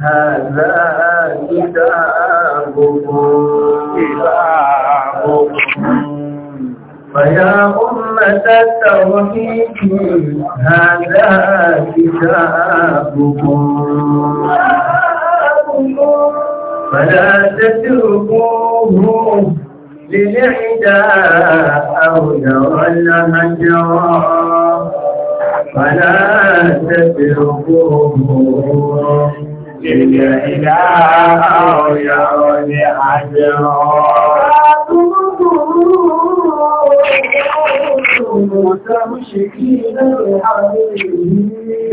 هذا فيا أمة التوحيد هذا كتابكم فلا تتركوه للعداء أو يرى المجرى فلا تتركوه Jìjì ìdá àwòyà òní àjẹrọ.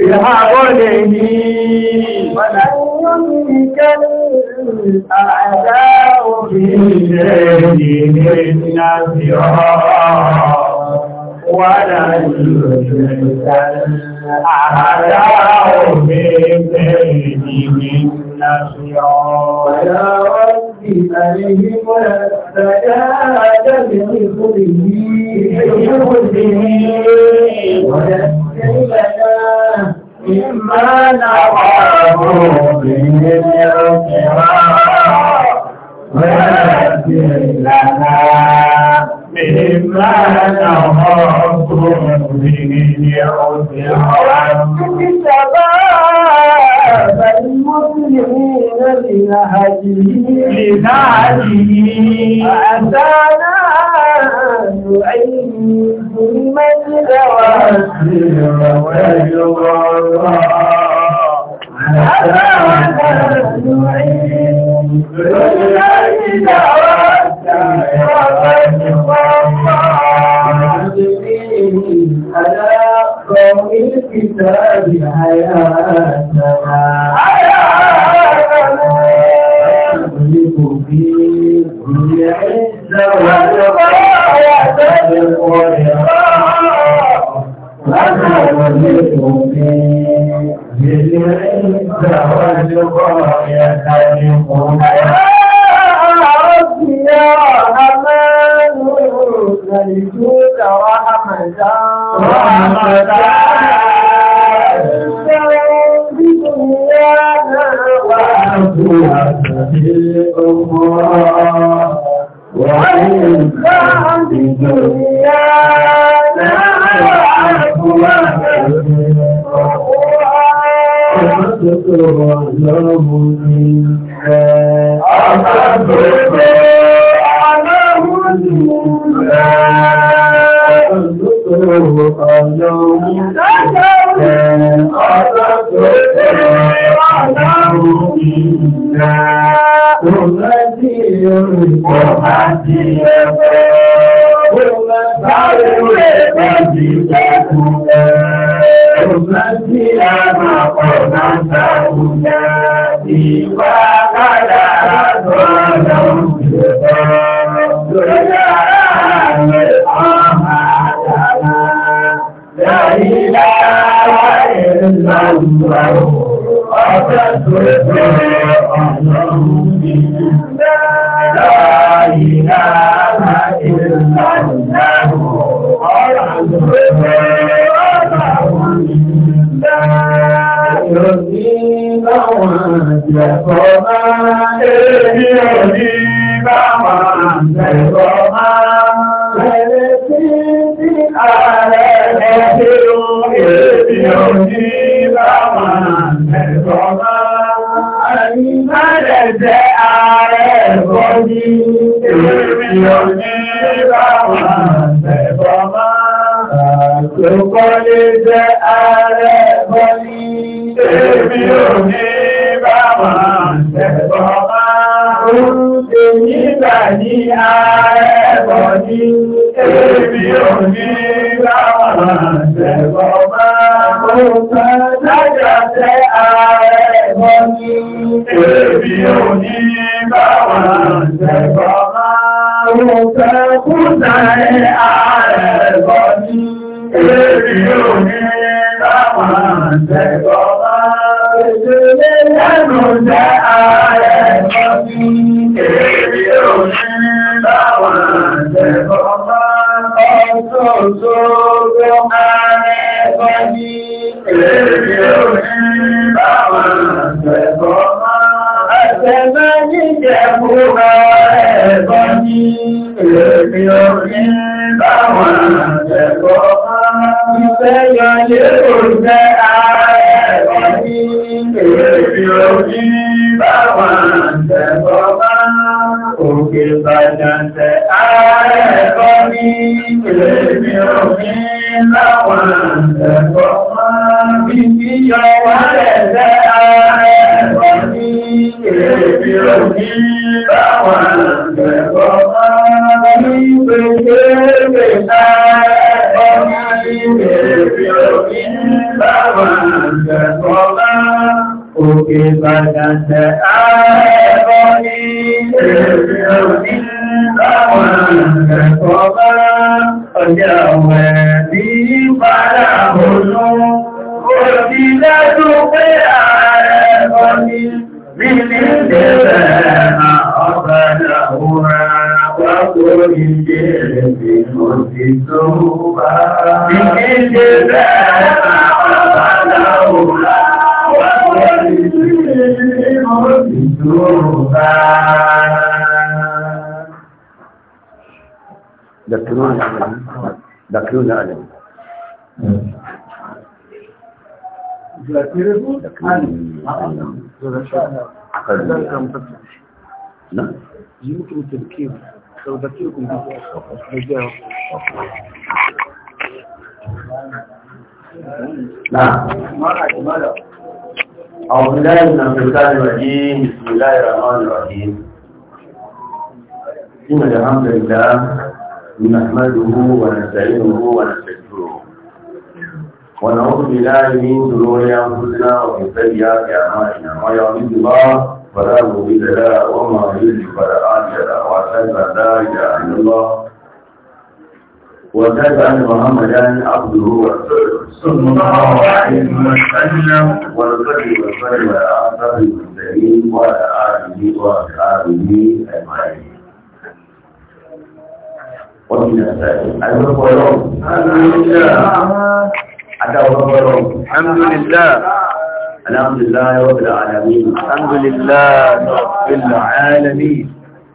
Ìhàbọ̀ lè ní ọ̀nà ìyọ́n ní kẹ́lù àdá òbí ìrẹ́ ìrẹ́ ìrìnàjò. Wà láàrín ìrìnàjò. أعداء من نصيرا يا رب ألهم السجاد بخذه ونسلنا مما نخاف من الكرام ونسلنا مما نخاف المسلمين لنهجه أتانا نعيد المجد والسر والغرى أتانا نعيد المجد والسر والغرى عليهم على قوم الكتاب حياتنا نخلق في كل عزة ونخلق في كل عزة والبقايا خلقنا وإن كان بدنيانا وأكواب فتترجم منا أفضل ọlọ́run ẹ̀ ọ̀dọ́ tó tẹ̀ ọlọ́run ìgbà tó láti orí kò má sí ẹgbẹ́ ó má sáré rẹ̀ lọ́jì kẹ́kùn ẹ̀ ó má sí àmàpọ̀ náà sáwùjẹ́. Ọlọ́run ìlú náà láàrín náà láàrín náà. sẹ́yọ yóò jẹ́ ààrẹ ọ̀dí ìrẹ̀bí نعم يمكن التذكير لو نعم أعوذ بالله من الشيطان الرجيم بسم الله الرحمن الرحيم إن الحمد لله نحمده ونستعينه ونستغفره ونعوذ بالله من شرور انفسنا ومن سيئات اعمالنا ما يهده الله فلا مضل له وما يضلل فلا هادي له واشهد ان لا اله الا الله واشهد ان محمدا عبده ورسوله صلى الله عليه وسلم ونصلي وسلم على اشرف المرسلين وعلى اله واصحابه اجمعين ومن السائل أن يقولون أن الحمد لله الحمد لله رب العالمين الحمد لله رب العالمين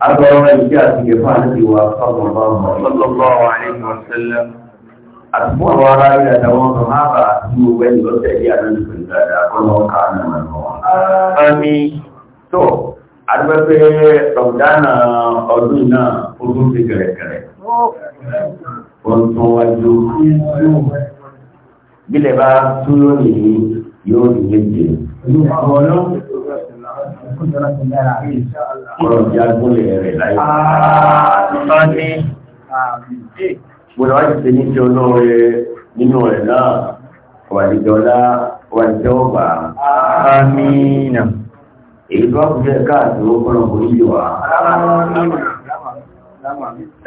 أبرم الجاس كفانتي وصلى الله صلى الله عليه وسلم أسمع وراء إلى دوام هذا أسمع بين وسعي أنا نفسي أقول هو كان من هو آمين تو أدبر رمضان أدونا أدونا كرة كرة وانتوا وجوه bílẹ̀ bá tún lónìí ní yóò ní méje. Ọ̀rọ̀ ìyá gúnlẹ̀ rẹ̀ láyé. Gbọ́dọ̀ wá ti ṣe ní ti olóore nínú rẹ̀ náà, ọ̀wàdìjọ́lá, ọ̀wàdìjọ́gbà. Amínà. Èyí tó wá kú jẹ́ káàtó ọ̀pọ̀lọpọ̀ yìí wá.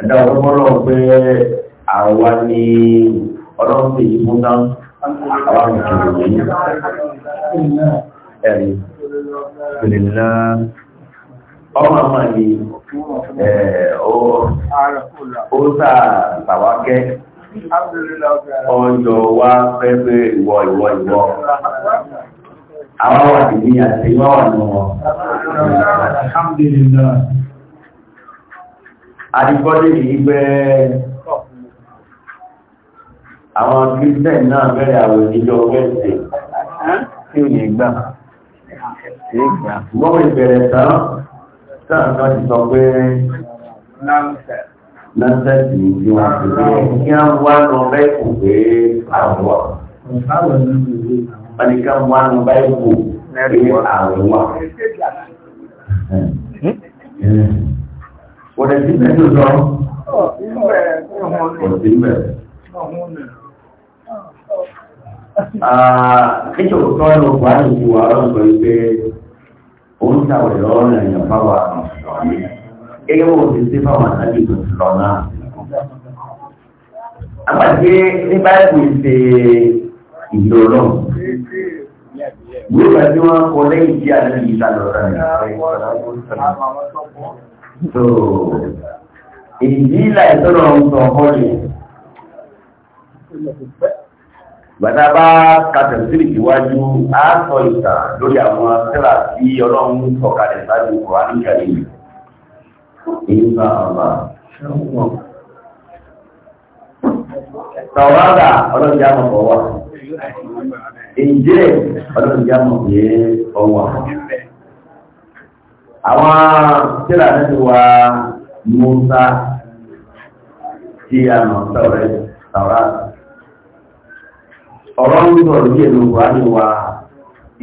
Ẹ̀dá ọ̀pọ̀lọpọ̀ pé ni ọlọ́run fún náà àwọn ìkèrè yìí ẹ̀rí ìrìnlá ọmọ ọmọ ni ó sáà tàwákẹ́ ọjọ́ wá pẹ́pẹ́ ìwọ ìwọ ìwọ àwọn wà ní àti wọ́n wà ní wọn Alhamdulillah Adìgbọ́dé yìí gbẹ́ẹ́ àwọn christian náà bẹ̀rẹ̀ àwọn ìjọ wẹ́ẹ̀sì tí ò ní gbà gbọ́wọ́ ìbẹ̀rẹ̀ tán sáà kan ti sọ pé lọ́sẹ̀sì tí wọ́n ti rí kí á wá lọ bẹ́ẹ̀kù pé àwọ̀ wọ́n ni ká wá lọ bẹ́ẹ̀kù pé àwọ̀ Òdẹ̀ sí mẹ́jọ sọ, òdẹ̀ sí mẹ́jọ. Ah, kíkẹ́ òótọ́ ló wà ní ìwà ọlọ́sọ wípé ó ń sàwẹ̀ lọ́rọ̀ èèyàn fáwọn àmọ̀sọ̀rọ̀ yìí gẹ́gẹ́ bó ti ṣe fáwọn àtàlẹ́ ìgbòsùlọ̀ náà. àpàtì ní báyìí ṣe ìlú ọlọ́run gbogbo àti wọn kọ lẹ́yìn tí a lè yíta lọ́rọ̀ rẹ̀ so ìdí ìlà ìtọ́nà ń sọ ọ́ yẹn gbàtà bá kàtẹ̀ sílì ìwájú àásọ ìta lórí àwọn tẹ́lá tí ọlọ́run sọ̀kalẹ̀ sáájú ọ̀rọ̀ àníkàlẹ̀ yìí ìgbà ọ̀la tọ̀wádà ọlọ́jà mọ̀ ọ̀wà ìjẹ́ ọlọ́jà mọ̀ pé àwọn tẹ́lá nínú wa Musa tí a mọ̀ sọ̀rọ̀ tọ̀wádà ọ̀rọ̀ ń sọ díẹ̀ ló wà ní wa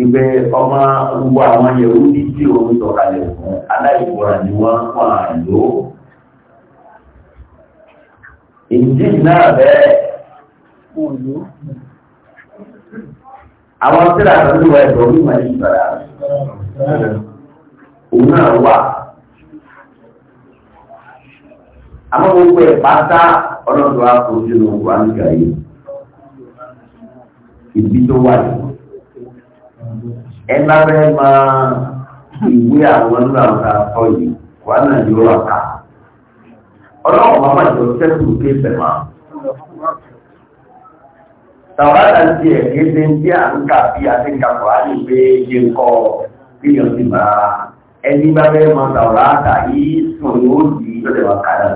ibẹ̀ ọmọ gbogbo àwọn yẹ̀wò ní tí òun sọ̀kalẹ̀ fún ni wọ́n pa àlò. ìdí náà bẹ́ẹ̀ àwọn tíra kan ló wà ẹ̀dọ̀ ní ìmọ̀ ìgbàlá òun náà wà àmọ́ gbogbo ẹ̀ pátá ọlọ́dọ̀ yìí. ibi tó wà ní. ẹ bá fẹ́ máa ìwé àwọn nínú àwọn akọ yìí wà náà yóò rà ká. ọlọ́run máa máa jọ sẹ́kù kéfẹ̀ máa. tàwárà ti ẹ̀ kéde tí à ń kà bí a ti ń kakọ̀ á lè gbé ṣe ń kọ́ kéèyàn sì máa ẹni bá fẹ́ máa tàwárà kà yìí sùn yóò di lọ́dẹ̀ kàdà.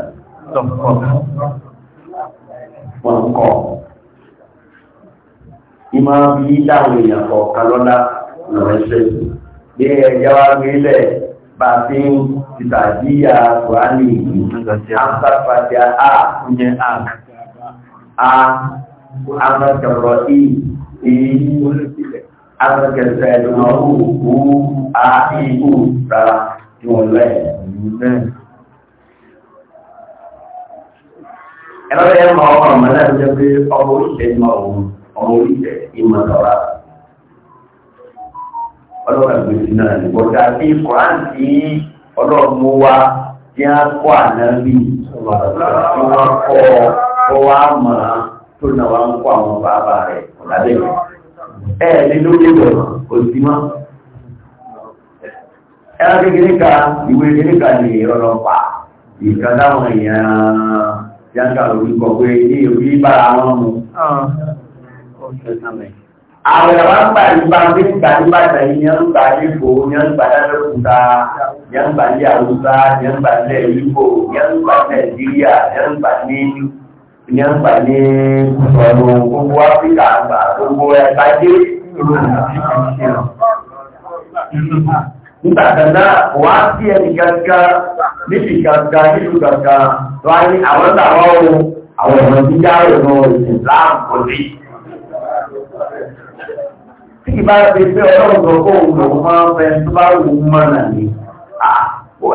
wọ́n kọ́ ìmọ̀ bí dáhùn èèyàn kọ̀ọ̀kan lọ́lá lọ́rọ̀ ẹ̀ṣẹ́ bí ẹ̀yà wa gbélẹ̀ bá fi ń ìtàjíyà kùránì àǹtàfàjà a ìyẹn a a àǹtàkẹ̀rọ̀ i i àǹtàkẹ̀sẹ̀ ìdùnnà òkú a ìkú rárá tí wọ́n lẹ̀ ẹ̀rọ ẹ̀mọ̀ ọmọ náà jẹ́ pé ọmọ òṣèlú ọ̀hún ọmọ oríṣẹ́ ìmọ̀ sọ̀rọ̀ ọlọ́run àgbèsì náà ní bọ́dá bí koran tí ọlọ́run mú wa tí a kọ́ ànábì tí wọ́n kọ́ ọ wá mọ̀ tó náà wá ń kọ́ àwọn bàbá rẹ̀ lábẹ́ ẹ̀ ní lókè lọ́rọ̀ kò sí mọ́ ẹ̀rọ kékeré ka ìwé kékeré ka lórí kọ pé ní ìwé bára wọn mu. Ah. Àwọn ẹ̀wà ń gbà nígbà ní ìgbà nígbà tàí ní ń gbà ní ìbò, ní ń gbà lẹ́lẹ́kùnta, ní ń gbà ní àrúsá, ní ń gbà ní ìbò, ní ń gbà Nàìjíríà, ní ń gbà ní ní ń gbà ní ọ̀rọ̀ gbogbo Áfíríkà àgbà gbogbo ẹ̀ka dé àwọn tàwọn ohun tí ìbá ti pé ọlọ́gbọ̀ kóhùn lòun máa ń fẹ́ tó bá wù ú mọ́nà ni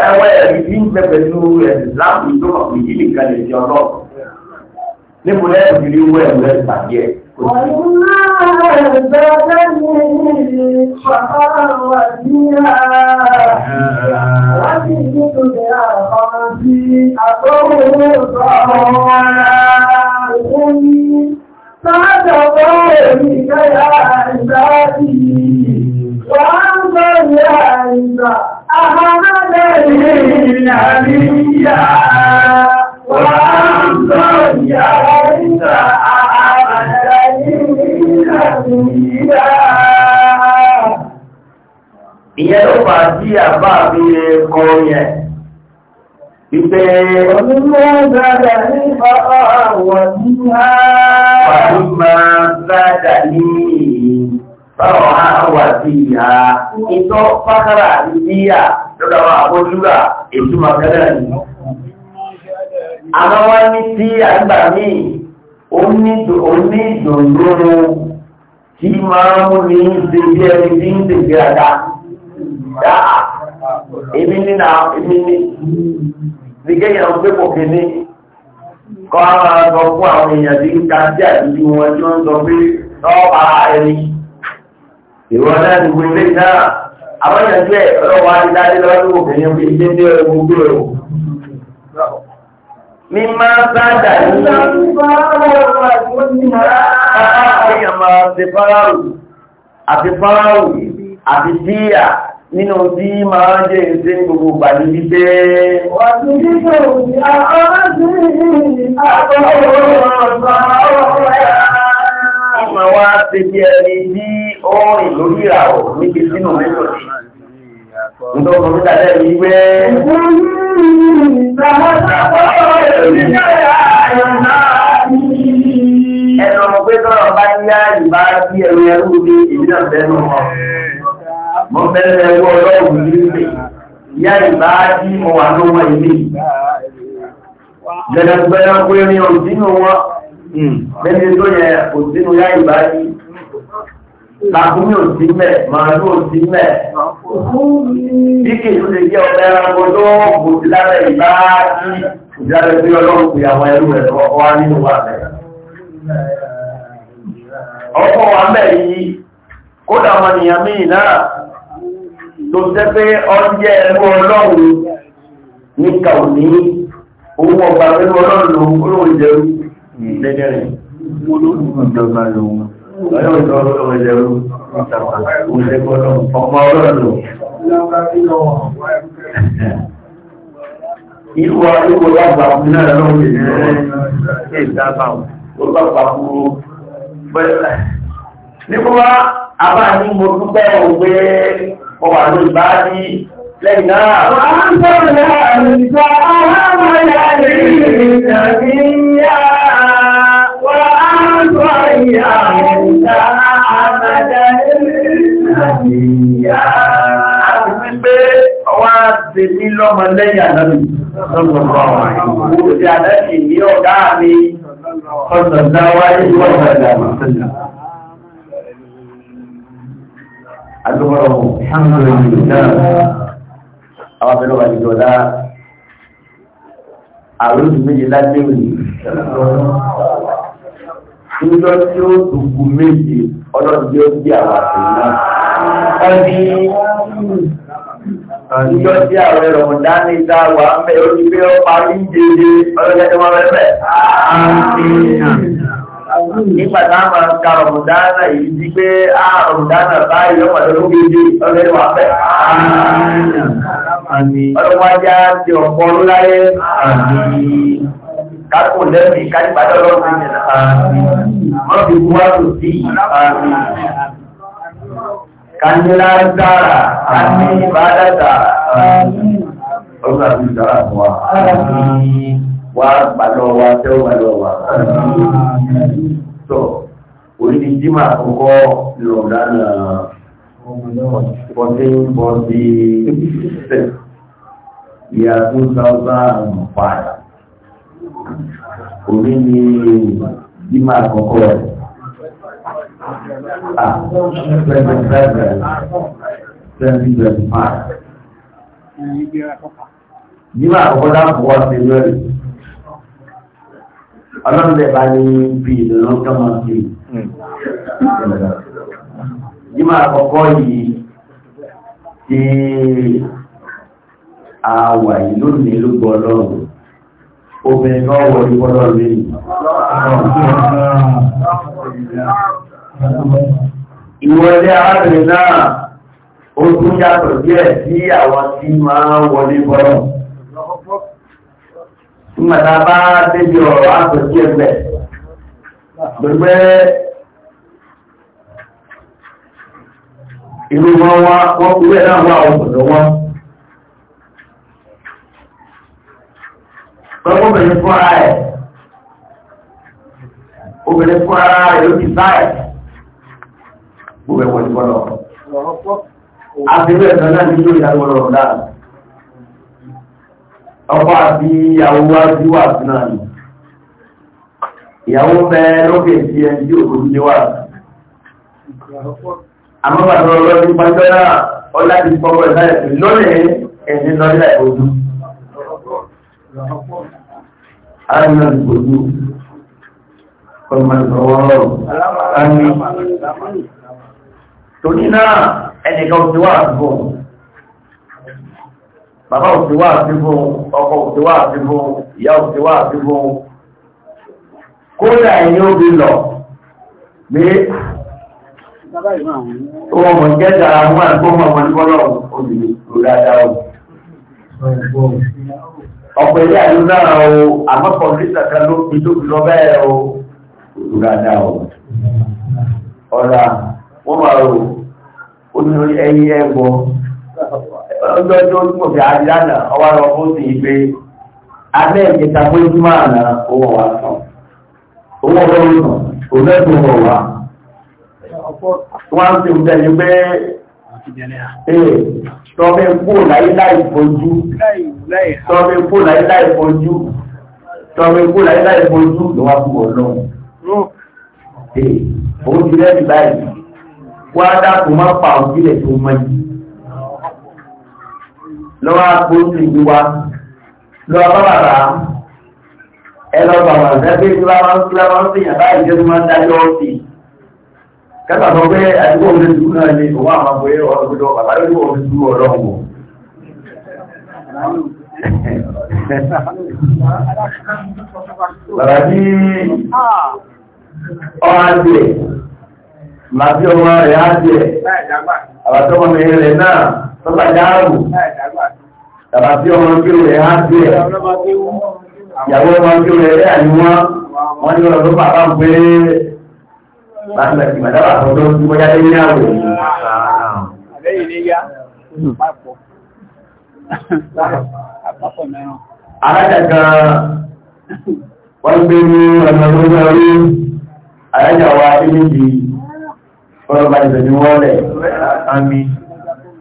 ẹwẹ́ ẹ̀rí tí ń pẹ́ pẹ̀lú ẹ̀sìn láàmù tó mọ̀ pé yìí nìkan lè ṣe ọlọ́ níbo lẹ́yìn òkèlè owó ẹ̀rù rẹ̀ tàbí ẹ̀. Ọ̀yìn náà فاعتبرني يا عبادي وانظر يا عبا أحمد النبي وانظر يا عبا أحمد النبي ìyẹn ló fà á sí àbá àbí ẹ̀kọ́ yẹn Ìfẹ́ olúmọ́gbàdà ní bàbá wọ̀n ní ha. Olúmọ́gbàdà ní bàbá wà sí ìhà. Ìtọ́ pákàrà ìdíyà lọ́dọ̀ àwọn àbójúgbà ètò màkàrà ní. Àwọn wá ní tí àgbà míì, ó ní máa mú ní ṣe bí ẹni tí ń dègbé àdá. Dáa, èmi ní na, èmi ní bí kéèyàn ń pépò kíní kọ́ máa sọ fún àwọn èèyàn tí ká jẹ́ àdúgbò wọn tí wọ́n sọ pé lọ́ọ̀bà ẹni ìwọ náà ti wọ ilé náà àwọn èèyàn jẹ́ ọlọ́wọ́ adídáde lọ́wọ́ obìnrin fi ilé ní ẹ̀rọ gbogbo ẹ̀rọ. Mi máa sáàdà ní kéèyàn máa nínú tí máa jẹ́ ìṣe gbogbo ìgbàlú wípé wọ́n ti ní kò sí àwọn sí àkọ́kọ́ ọ̀sán wá ṣe bí ẹni tí ó rìn lórí ìràwọ̀ níbi sínú mẹ́tò ní ǹdọ́ ọmọ mítà lẹ́ wípé ẹnu ọmọ pé tọ́rọ bá yá ìbá sí ẹ̀rù ẹrú ní ìbílẹ̀ bẹ́ẹ̀ náà mo bẹ̀rẹ̀ ẹwọ́ ọlọ́run nílé ìyá ìbá tí mo wà lọ́wọ́ ilé gẹ̀dẹ̀gbẹ̀rẹ̀ pé ní òdínú wọn hmm. lẹ́ni tó yẹ òdínú yá ìbá yìí làkúmí òsì mẹ́ màálù òsì mẹ́ bí kì í ló lè jẹ́ ọ̀pẹ́ ẹranko tó kò sí lábẹ́ ìbá tí ìjáde pé ọlọ́run pè àwọn ẹrú rẹ̀ lọ́wọ́ wá nínú wa bẹ̀. ọkọ̀ wa mẹ́ yìí kódà ọmọ nìyàn míì náà tó tẹ́pẹ́ ọjẹ́ ẹ̀rọ ọlọ́run ní kàùní owó ọgbà pẹ̀lú ọlọ́run olóòrùn ìjẹrú lẹ́gẹ̀rẹ̀ Ìwà ìwò lágbà fún náà lọ́wọ́ ìrìnlẹ́ ìdábà, ó bá pàpọ̀ pẹ̀lẹ̀. Ní kó wá àbá ní mo dúpẹ́ òwe ọwà ló ìbá lẹ́yìn náà. Wọ́n ń sọ̀rọ̀ láàrín ìjọ aláwọ̀ yàrá ìrìnàjì yá. Wọ́n ń sọ ìyá ìta àmàdà ìrìnàjì yá. A ti fi pé ọwá ti ní lọ́mọ lẹ́yìn àdámi. Ó ti àdámi ní ọ̀gá mi. Ọ̀sán náwáyé wọ́n adúgbòrò alhamdulillah àwọn abẹ́rẹ́ wà nígbà ọ̀la àrùn méjì lágbèwì níjọ́ tí ó dùkú méjì ọlọ́run tí ó di àwọn àtẹ̀yìn náà níjọ́ tí àwọn ẹ̀rọ dání dá wà ń bẹ̀ ó pé ó parí jẹjẹ ọlọ́jọ́ tí wọ́n fẹ́ nígbà táwọn máa ka rọ̀mùdánà yìí di pé á rọ̀mùdánà báyìí ọmọ tó ló gbé ọlọ́dẹ wà fẹ́. ọlọ́wájá ti ọ̀pọ̀ lóláyé kákò lẹ́mìí kájípadà lọ́rùn wọ́n fi kú wá kò sí kánilá dára wá balọ̀ wa tẹ́ ó balọ̀ wa. sọ orí jimá àkọ́kọ́ lọ́dánà fourteen forty six year two thousand and five orí ni jimá àkọ́kọ́ rẹ̀. Ah, àkọ́kọ́ dáàbò wá lórí ọlọ́dẹ bá ní bí ìdùnnú kọ́mọ sí hmm. jímọ̀ àkọ́kọ́ yìí tí a wà yìí lónìí ló gbọ́ ọlọ́run obìnrin náà wọ ní bọ́lọ́ lẹ́yìn ìwọlé arábìnrin náà ó tún yàtọ̀ díẹ̀ sí àwọn tí máa wọlé bọ́lọ́ nígbàtà bá débi ọ̀rọ̀ àtọ̀sí ẹgbẹ́ gbogbo ìlú wọn wá wọ́n kúrò náà wà ọ̀pọ̀lọ́ wọn pẹ̀lú obìnrin fún ara ẹ̀ obìnrin fún ara ẹ̀ ló ti sáyẹ̀ gbogbo ẹ̀wọ̀n ìfọ́lọ́ àti ilé ẹ̀sán náà nílò ìyàwó ọ̀rọ̀ ọkọ àti ìyàwó wájú wà sí náà ni ìyàwó bẹ lókè sí ẹni tí òkú ti wà àmọ́bàtà ọlọ́dún pàjọ́ náà ọlá ti pọ́pọ́ ìsáyẹ̀ pé lónìí ẹni lọ́lẹ̀ ojú ààrínà ìgbòjú ọmọdéwọ́rọ̀ ààrín torí náà ẹnìkan ti wà àtúbọ̀ bàbá ò ti wá àti fún ọkọ ò ti wá àti fún ìyá ò ti wá àti fún kódà ẹ̀yìn òbí lọ pé owó mọ̀ jẹ́ta àwọn àgbọ́mọ̀ wọn ní bọ́lọ̀ obìnrin ló dáadáa o ọ̀pọ̀ ilé àyú náà o àmọ́ kọ̀ǹpútà kan ló fi tóbi lọ bẹ́ẹ̀ o ló dáadáa o ọ̀la wọ́n máa rò ó ní ẹyí ẹ̀gbọ́n ọjọ́ tó kò fi àdìlànà ọwọ́ lọ fún sí i pé abẹ́ ìkẹta péjú máa na owó wa sàn owó ọlọ́run sàn òun náà tó wọ̀ wá. wọ́n á ti ń tẹ̀lé pé tọ́bẹ̀ kó láyé láì fojú tọ́bẹ̀ kó láyé láì fojú tọ́bẹ̀ kó láyé láì fojú ló wá fún ọlọ́run. ó ti rẹ́ẹ̀dì báyìí wọ́n á dákun má pa òkìlẹ̀ tó mọ́ yìí lọ́wọ́ àpò ìlú wa lọ́wọ́ bàbàrà ẹlọ bàbà lẹ́gbẹ́ ìgbìláwọ́n sí yàrá ìjẹ́sí máa ń dájọ́ sí kẹta sọ pé àdúgbò omi ìlú náà ní òun àwọn àpò ẹ̀rọ ọ̀gbọ̀dọ̀ bàbá lórí omi ìlú ọlọ́run Bàbá ní ọ̀rọ̀ àjẹ́, màá bí ọmọ rẹ̀ àjẹ́, àbàtọ́mọ̀ mi rẹ̀ náà Tọ́bà dáàrù, tàbà tí ọmọ kí o rẹ̀ há sí ẹ̀. Ìyàwó ọmọ kí o rẹ̀ rẹ̀ àníwọ́n, wọ́n ní ọ̀rọ̀ tó bàbá ń pé láti ẹ̀sìn mẹ́tàbà tó tó tí mo wa ní ìdí ọlọ́pàá ìbẹ̀ wọ́n lẹ̀. Àmín.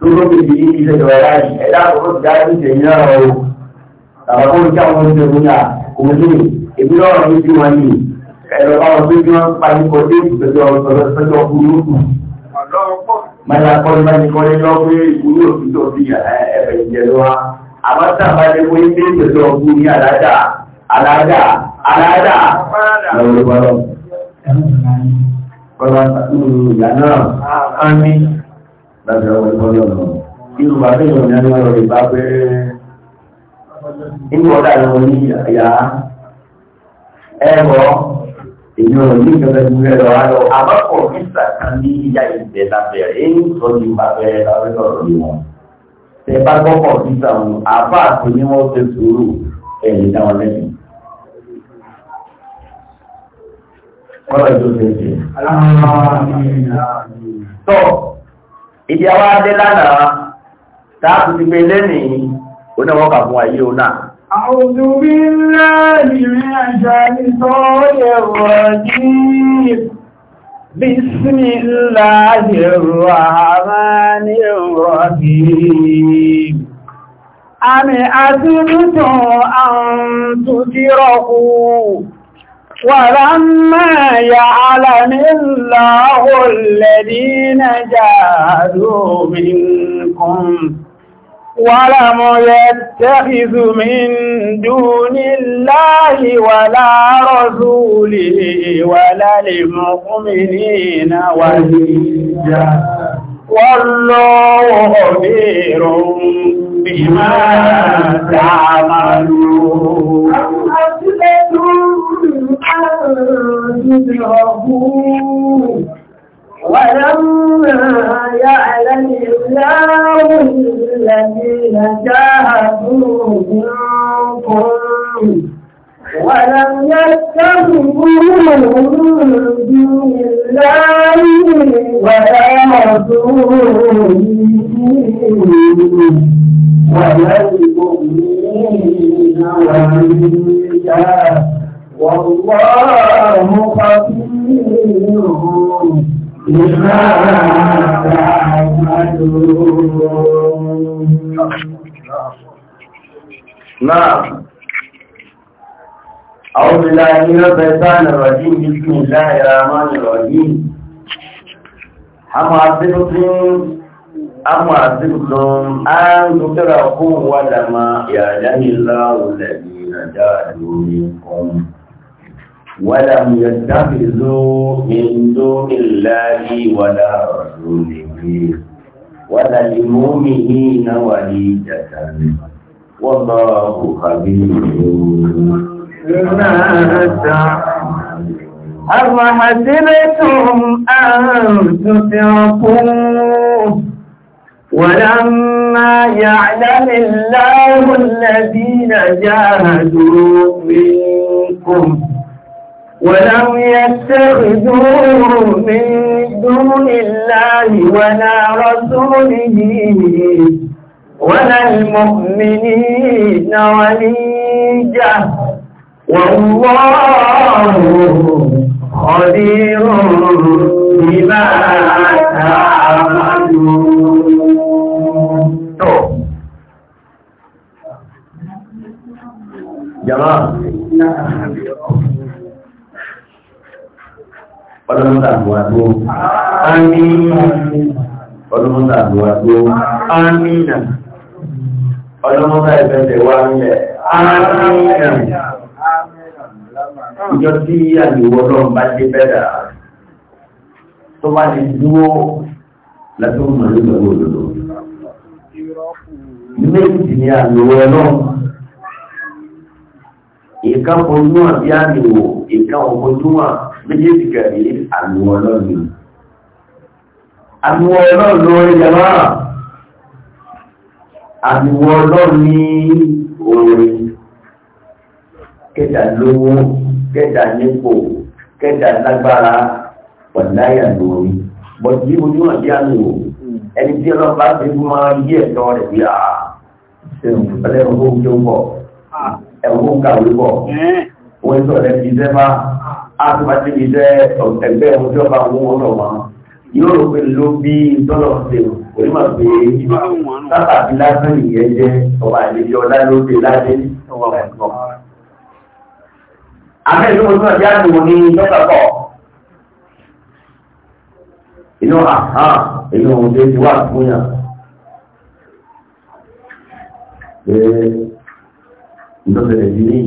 dúró bèbè yìí ṣe ìwà láàyè ẹ̀dá àkókò ti dájú o àwọn tó ń kí àwọn oúnjẹ òun náà kò ní èmi lọ́rọ̀ ní bí wọ́n ní ẹ̀rọ báwọn tó bí wọ́n parí kọ dé ìgbẹ́jọ́ ọ̀sọ̀rọ̀ sọ́jọ́ burúkú mẹ́ta kọ́ni bá ní kọ́ni lọ pé ìwúrí òfin tó fi ẹ̀fẹ̀ ìjẹ́ lọ wa àmọ́ tá a bá lè wọ́n dé ìgbẹ́jọ́ ọ̀gbun ní àlàdà àlàdà àlàdà lọ́wọ́ lọ́wọ́. Bọ́lá ń ìyá náà. Àmín láti ọwọ́ ìgbọ́lọ̀ lọ. Irú bàbá èèyàn ní àwọn ọ̀rọ̀ ìbá pé inú ọ̀dà lọ ní àyà ẹ̀rọ èèyàn ọ̀rọ̀ ní ìjọba ìgbìmọ̀ ẹ̀rọ àlọ́ àbápọ̀ fíìsà kan ní ìyá ìbẹ̀ lábẹ́rẹ́ èyí sọ ní ìbàbẹ̀ lábẹ́ ọ̀rọ̀ ni wọn. Tẹ bá gbọ́kọ̀ fíìsà wọn, àbá àti ní wọ́n fẹ́ sùúrù ẹ̀yìn dáwọn lẹ́yìn. Wọ́n lọ ìjọba ìjọba. Tọ́ ìdí àwọn adé lánàá táàkù ti gbé lẹ́nìí oníwọ́kà fún ayé o náà. أعوذ بالله من الشيطان الرجيم بسم الله الرحمن الرحيم أم حسبتم أن تدركوا ولما يعلم الله الذين جاهدوا منكم ولم يتخذ من دون الله ولا رسوله ولا المؤمنين وليا والله خبير بما تعملون تدركون ولما يعلم الله الذين جاهدوا منكم ولم يتخذوا من دون الله ولا رسوله ولا المؤمنين والكافرين والله خبير بما تعملون نعم أعوذ بالله من الشيطان الرجيم بسم الله الرحمن الرحيم أما أصدقكم أما أصدقكم أن تتركوا ولما يعلم الله الذين جاهدوا منكم ولم يتخذوا من دون الله ولا رسوله ولا لمؤمنين وليدة والله خبير بما أما حسبتم أن تتركوا ولما يعلم الله الذين جاهدوا منكم ولم يتخذوه من دون الله ولا رسوله ولا المؤمنين وليجة والله خبير بما تعملون جماعة ọlọ́mọta àbúwà tó amínà ọlọ́mọta àbúwà tó amínà ọlọ́mọta ìfẹ́sẹ̀ wá nílẹ̀ amínà ìjọ tí àyèwò ọlọ́run bá dé bẹ́dà tó bá ti dúró láti ó mọ̀ nígbà wo lòlò méjì ni àyèwò ọlọ́run ìkan fojú àbí àyèwò ìkan méjèèjì gàrí àmì ọlọ́run àmì ọlọ́run lórí ẹ̀mọ́ àmì ọlọ́run ní orin kẹ́dà lówó kẹ́dà nípò kẹ́dà lágbára pọ̀láyà lórí bọ̀dí ojú hàn bí àmì o ẹni tí ọlọ́pàá ti fún máa yí ẹ̀tọ́ rẹ̀ bí a ah, ṣe ń pẹ̀lẹ́ ọgbọ́n tó ń bọ̀ ah. ẹ̀wọ̀n kàwé bọ̀ wọ́n sọ̀rọ̀ ẹ̀ fi sẹ́fà àtúbàtí iṣẹ́ ẹgbẹ́ ọjọ́ bá wọ́n wọ́n lọ wọn yóò rò pé ló bí tọ́lọ̀ ṣe onímọ̀ pé sábàbí lásán ìyẹn jẹ́ ọba àlejò ọlá ló dé ládé Àmì ìlú ojú ọjọ́ àdúgbò ní lọ́sọ̀kọ̀. Inú àhán inú oúnjẹ ti wà fún yàn. Ṣé ìdọ́sẹ̀lẹ̀ sí ní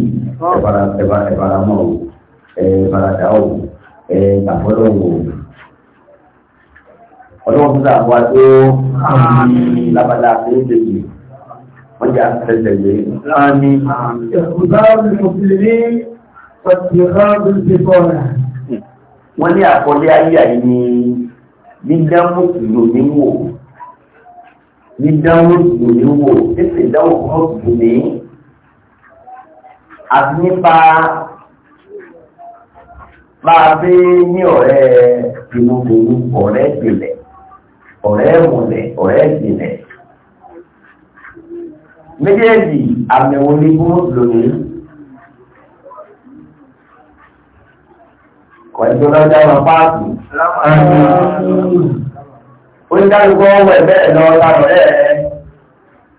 ẹ̀bàrà mọ́ òun? faradà wò gbàgbọ́dọ̀ wò ọlọ́run tó dàbọ̀ àjọ lábàlá tó ń lèyí wọ́n jẹ́ àtẹ́sẹ̀ lé láàrin ìgbàgbọ́dọ̀ mùsùlùmí pàtìkọ́dù ti bọ̀rà wọ́n ní àkọlé ayé àyè ni dídá mùsùlùmí wò dídá mùsùlùmí wò tètè dáwọ́ mùsùlùmí àti nípa máa bí ní ọ̀rẹ́ tìlúbìlú ọ̀rẹ́ ìpìlẹ̀ ọ̀rẹ́ ìmùlẹ̀ ọ̀rẹ́ ìpìlẹ̀ méjèèjì àmẹ̀wò ní búrúdùlóní kọ̀ẹ̀tọ́ lọ́jọ́ wọn páàkì ó ń dárúkọ ọwọ́ ẹ̀ bẹ́ẹ̀ lọ lárọ̀ ẹ̀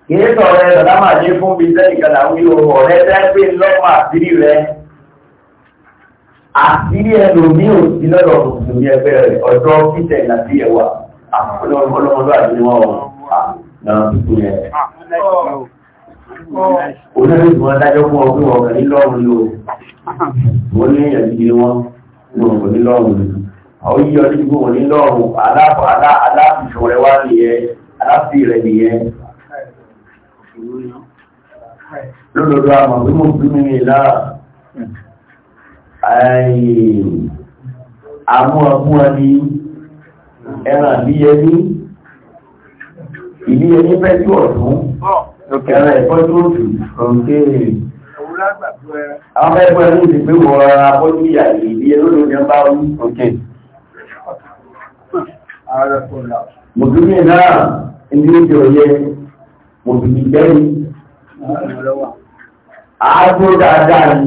kìí sọ̀rọ̀ ẹ̀ lọ́dá máa dé fún bí sẹ́nìkan làwọn yóò ọ̀rẹ́ tẹ́ pé lọ́pàá sí rẹ̀ àti ẹlòmí ò sí lọ́dọ̀ òṣùmí ẹgbẹ́ rẹ̀ ọjọ́ pítẹ̀ láti ẹwà ọlọ́mọdọ́ àdínwọ́ náà tuntun yẹn olórin tí wọ́n dájọ́ fún ọgbẹ́ ọ̀gá nílọ́run ló wọ́n ní ẹ̀dí wọn ní ọ̀gọ̀ nílọ́run ló àwọn àmúhàmúhà ní ẹran àbíyẹní ìbíyẹní fẹ́ tí ọ̀tún ẹran ẹ̀kọ́ tó tù ọ̀kẹ́rẹ̀ àwọn ẹgbẹ́ ẹ̀rùn ti pé wọ abọ́jú ìyà ìbíyẹní ló ní ọba orí ọ̀kẹ́ mùsùlùmí náà ní ìjọ yẹ mùsùlùmí jẹ́rìí àádó dáadáa ni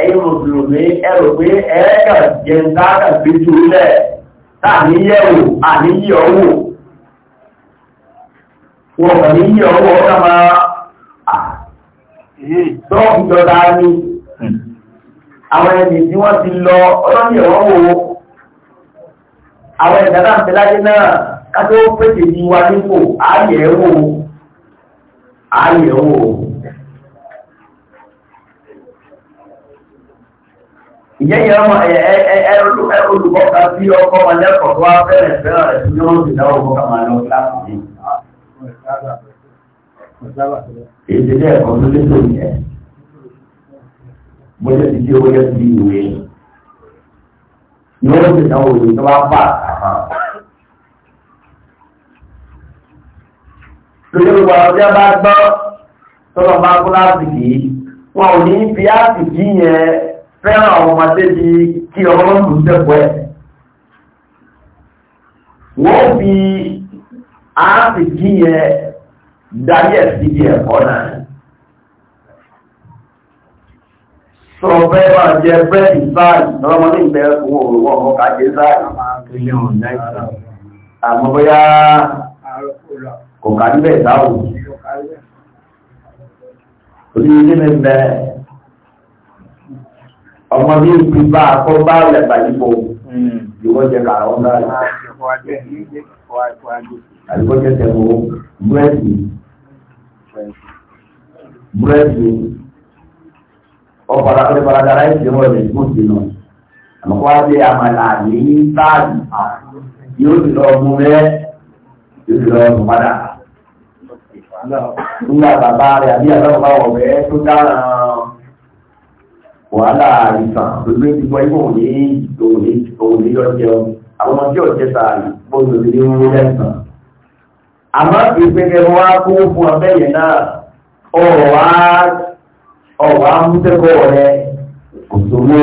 ẹ̀yin mùsùlùmí ẹrù pé ẹ̀ẹ́kà A fi jùlẹ̀ tàníyẹ̀wò àníyẹ̀wò wọ́n kà níyẹ̀wò ọ̀nà máa hmm. tọ́ọ̀kù jọta ní hmm. àwọn ẹni tí wọ́n ti lọ ọlọ́yẹ̀wọ́wò àwọn ìdádá náà wa ìyẹn yẹn ọmọ ẹ ẹ ẹ olùkọ́ ká bí ọkọ wọn lẹ́kọ̀ọ́ tó wá fẹ́rẹ̀ fẹ́ràn rẹ̀ tí wọ́n sì dáwọ́ ọkọ̀ máa lọ kíláàsì yìí. èdè dẹ́ ẹ̀kọ́ tó létò yẹn mo jẹ́ ti di owó yẹn ti ìwé ni wọ́n sì dáwọ́ ìwé tó wá bá àkàmá. lórí ìwà ọjọ́ bá gbọ́ tọ́lọ́ bá kó láti kì í wọn ò ní fi áàtì kí yẹn. fẹ́ràn àwọn ọmọdé bí kí ọlọ́run tẹ̀kọ́ ẹ̀. Wọ́n fi áàpìkì yẹn dáyẹ̀ síbi ẹ̀kọ́ náà. Sọ̀rọ̀ fẹ́ máa jẹ bẹ́ẹ̀dì sáàdì lọ́mọdé ìgbẹ́ owó òwò ọmọ kàjé sáàdì. Àmọ́ bóyá ọmọ ní ìpí bá akọ́ bá lẹ̀bà yípo ìwọ́ jẹ kàrà ọ́n dára àdúgbò jẹ tẹ̀wọ́ búrẹ́dì búrẹ́dì ọ̀pọ̀lọpọ̀ ọ̀pọ̀lọpọ̀ dára ìṣe wọ́n lè fún ìdìnnà àmọ́kọ́ wá dé àmàlà ní báàgì yóò ti lọ mú rẹ yóò ti lọ mú padà nígbà bàbá rẹ àbí àbẹ́wọ̀ bá wọ̀ rẹ tó dára wàhálà ìtàn gbogbo ìgbọ́ ìwò ní òní òní ọjọ́ àwọn ọmọdé ọjọ́ sàárì bóyá ní owó lẹ́sàn. àmọ́ ìpínlẹ̀ wa kó fún ọbẹ̀ yẹn náà ọ̀rọ̀ wa ọ̀rọ̀ amúsẹ́kọ̀ rẹ kò sówó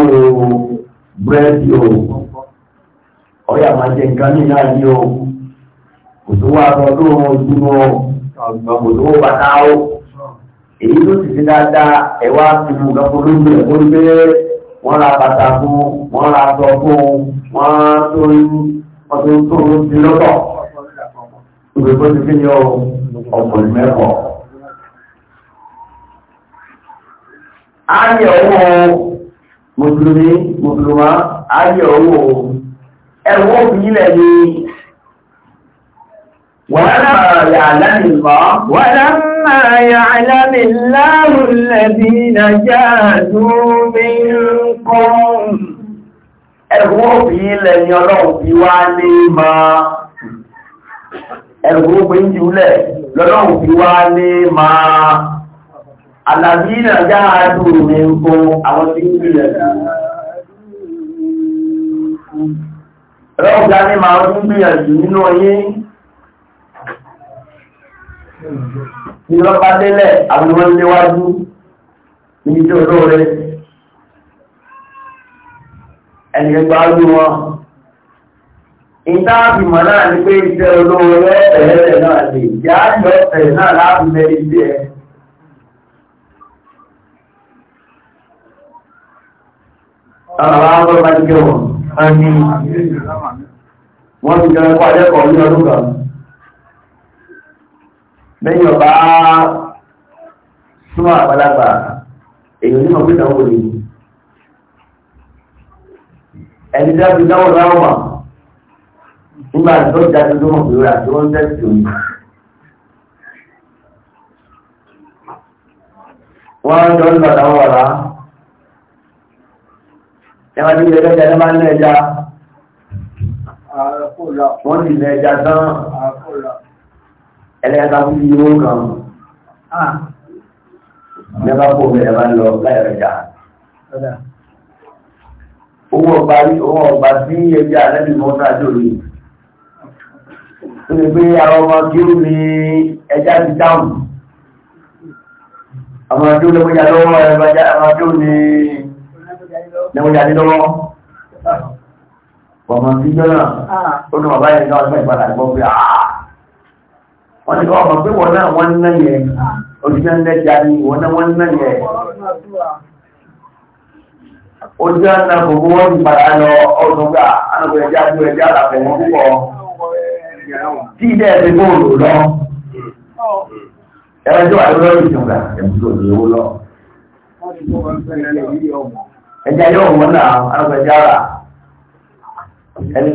búrẹ́dì o ọ̀rẹ́ àmàjẹ nǹkan ní náà ní o kò sówó aṣọ tó ń dúró kò sówó bàtà o èyí tó ti ti dáadáa ẹ̀wá ti mú nǹkan fún lójú ẹ̀ lórí pé wọ́n ra bàtà fún wọ́n ra aṣọ fún wọ́n tó ń wọ́n tó ń tó ń ti lọ́tọ̀ ìwé tó ti fi ní ọ̀pọ̀ ìmẹ́kọ̀ọ́. a yẹ owó mùsùlùmí mùsùlùmá a yẹ owó ẹ̀wọ́ òfin ilẹ̀ ni ولما يعلم الله ولما يعلم الله الذين جاهدوا منكم ẹ̀rù òbí lẹ́ni ọlọ́run bí wá ní máa ẹ̀rù òbí ń jùlẹ̀ lọ́lọ́run bí wá ní máa àlàbí ìrìnà jáàdù ní ǹkó àwọn tí ń gbìyànjú ọlọ́run já ní máa ń gbìyànjú nínú yín ìrọ́pá délẹ̀ àwọn ìwọ́n léwájú níbi tí olóore ẹnìyẹgbà ọdún wọn ìtààbì mọ̀ náà ní pé iṣẹ́ olóore ẹ̀ẹ́rẹ̀ náà lè jáàjì ọ̀fẹ́ náà láàbù mẹ́rin sí ẹ Àwọn àwọn ọmọ ìgbẹ̀wọ̀n, wọ́n ti jẹ́ ẹ̀kọ́ ajẹ́kọ̀ọ́ ní ọdún kan lẹ́yìn ọba súnmọ́ àgbàlagbà èèyàn nínú ọgbẹ́ ìdánwò rẹ̀ ẹni dájú dáwọ̀ láwọ̀ nígbà tó dájú tó mọ̀ pé rà tí wọ́n tẹ̀sí òní. wọ́n jọ ń lọ̀dà wọ̀ rà ẹwà ní ilẹ̀ ẹja máa ń lẹ́ ẹja wọ́n sì lẹ́ ẹja tán ẹlẹ́yàtà fún mi yóò kàn án ah. nígbà kó bẹ̀rẹ̀ bá lọ láìrẹ̀ jà owó ọba owó ọba sí ẹgbẹ́ alẹ́bí mọ́tà lórí ó lè pé àwọn ọmọ kí ó ní ẹja ti dáhùn àwọn ọmọdé ó lẹ́gbẹ́jà lọ́wọ́ ẹgbẹ́jà ọmọdé ó ní lẹ́gbẹ́jà ní lọ́wọ́ ọmọ sí jọ́nà ah. ó ní bàbá yẹn náà ọdún ìpadà gbọ́ pé àá ah, wọ́n ti kọ́ ọmọ pé wọ́n náà wọ́n náà yẹ òṣìṣẹ́ ńlẹ́jà ni wọ́n náà wọ́n náà yẹ ojú ọ̀nà gbogbo wọn ti padà lọ ọdún gbà ánàbọ̀ ẹ̀já gbogbo ẹ̀já àlàfẹ́ wọn púpọ̀ tí ilé ẹ̀sẹ̀ bóòlù lọ ẹ̀rọ tí wà lórí ìṣùn gbà ẹ̀bùsọ̀ òdòdó lọ. ẹ̀já yóò wọ́n náà ánàbọ̀ rà ẹni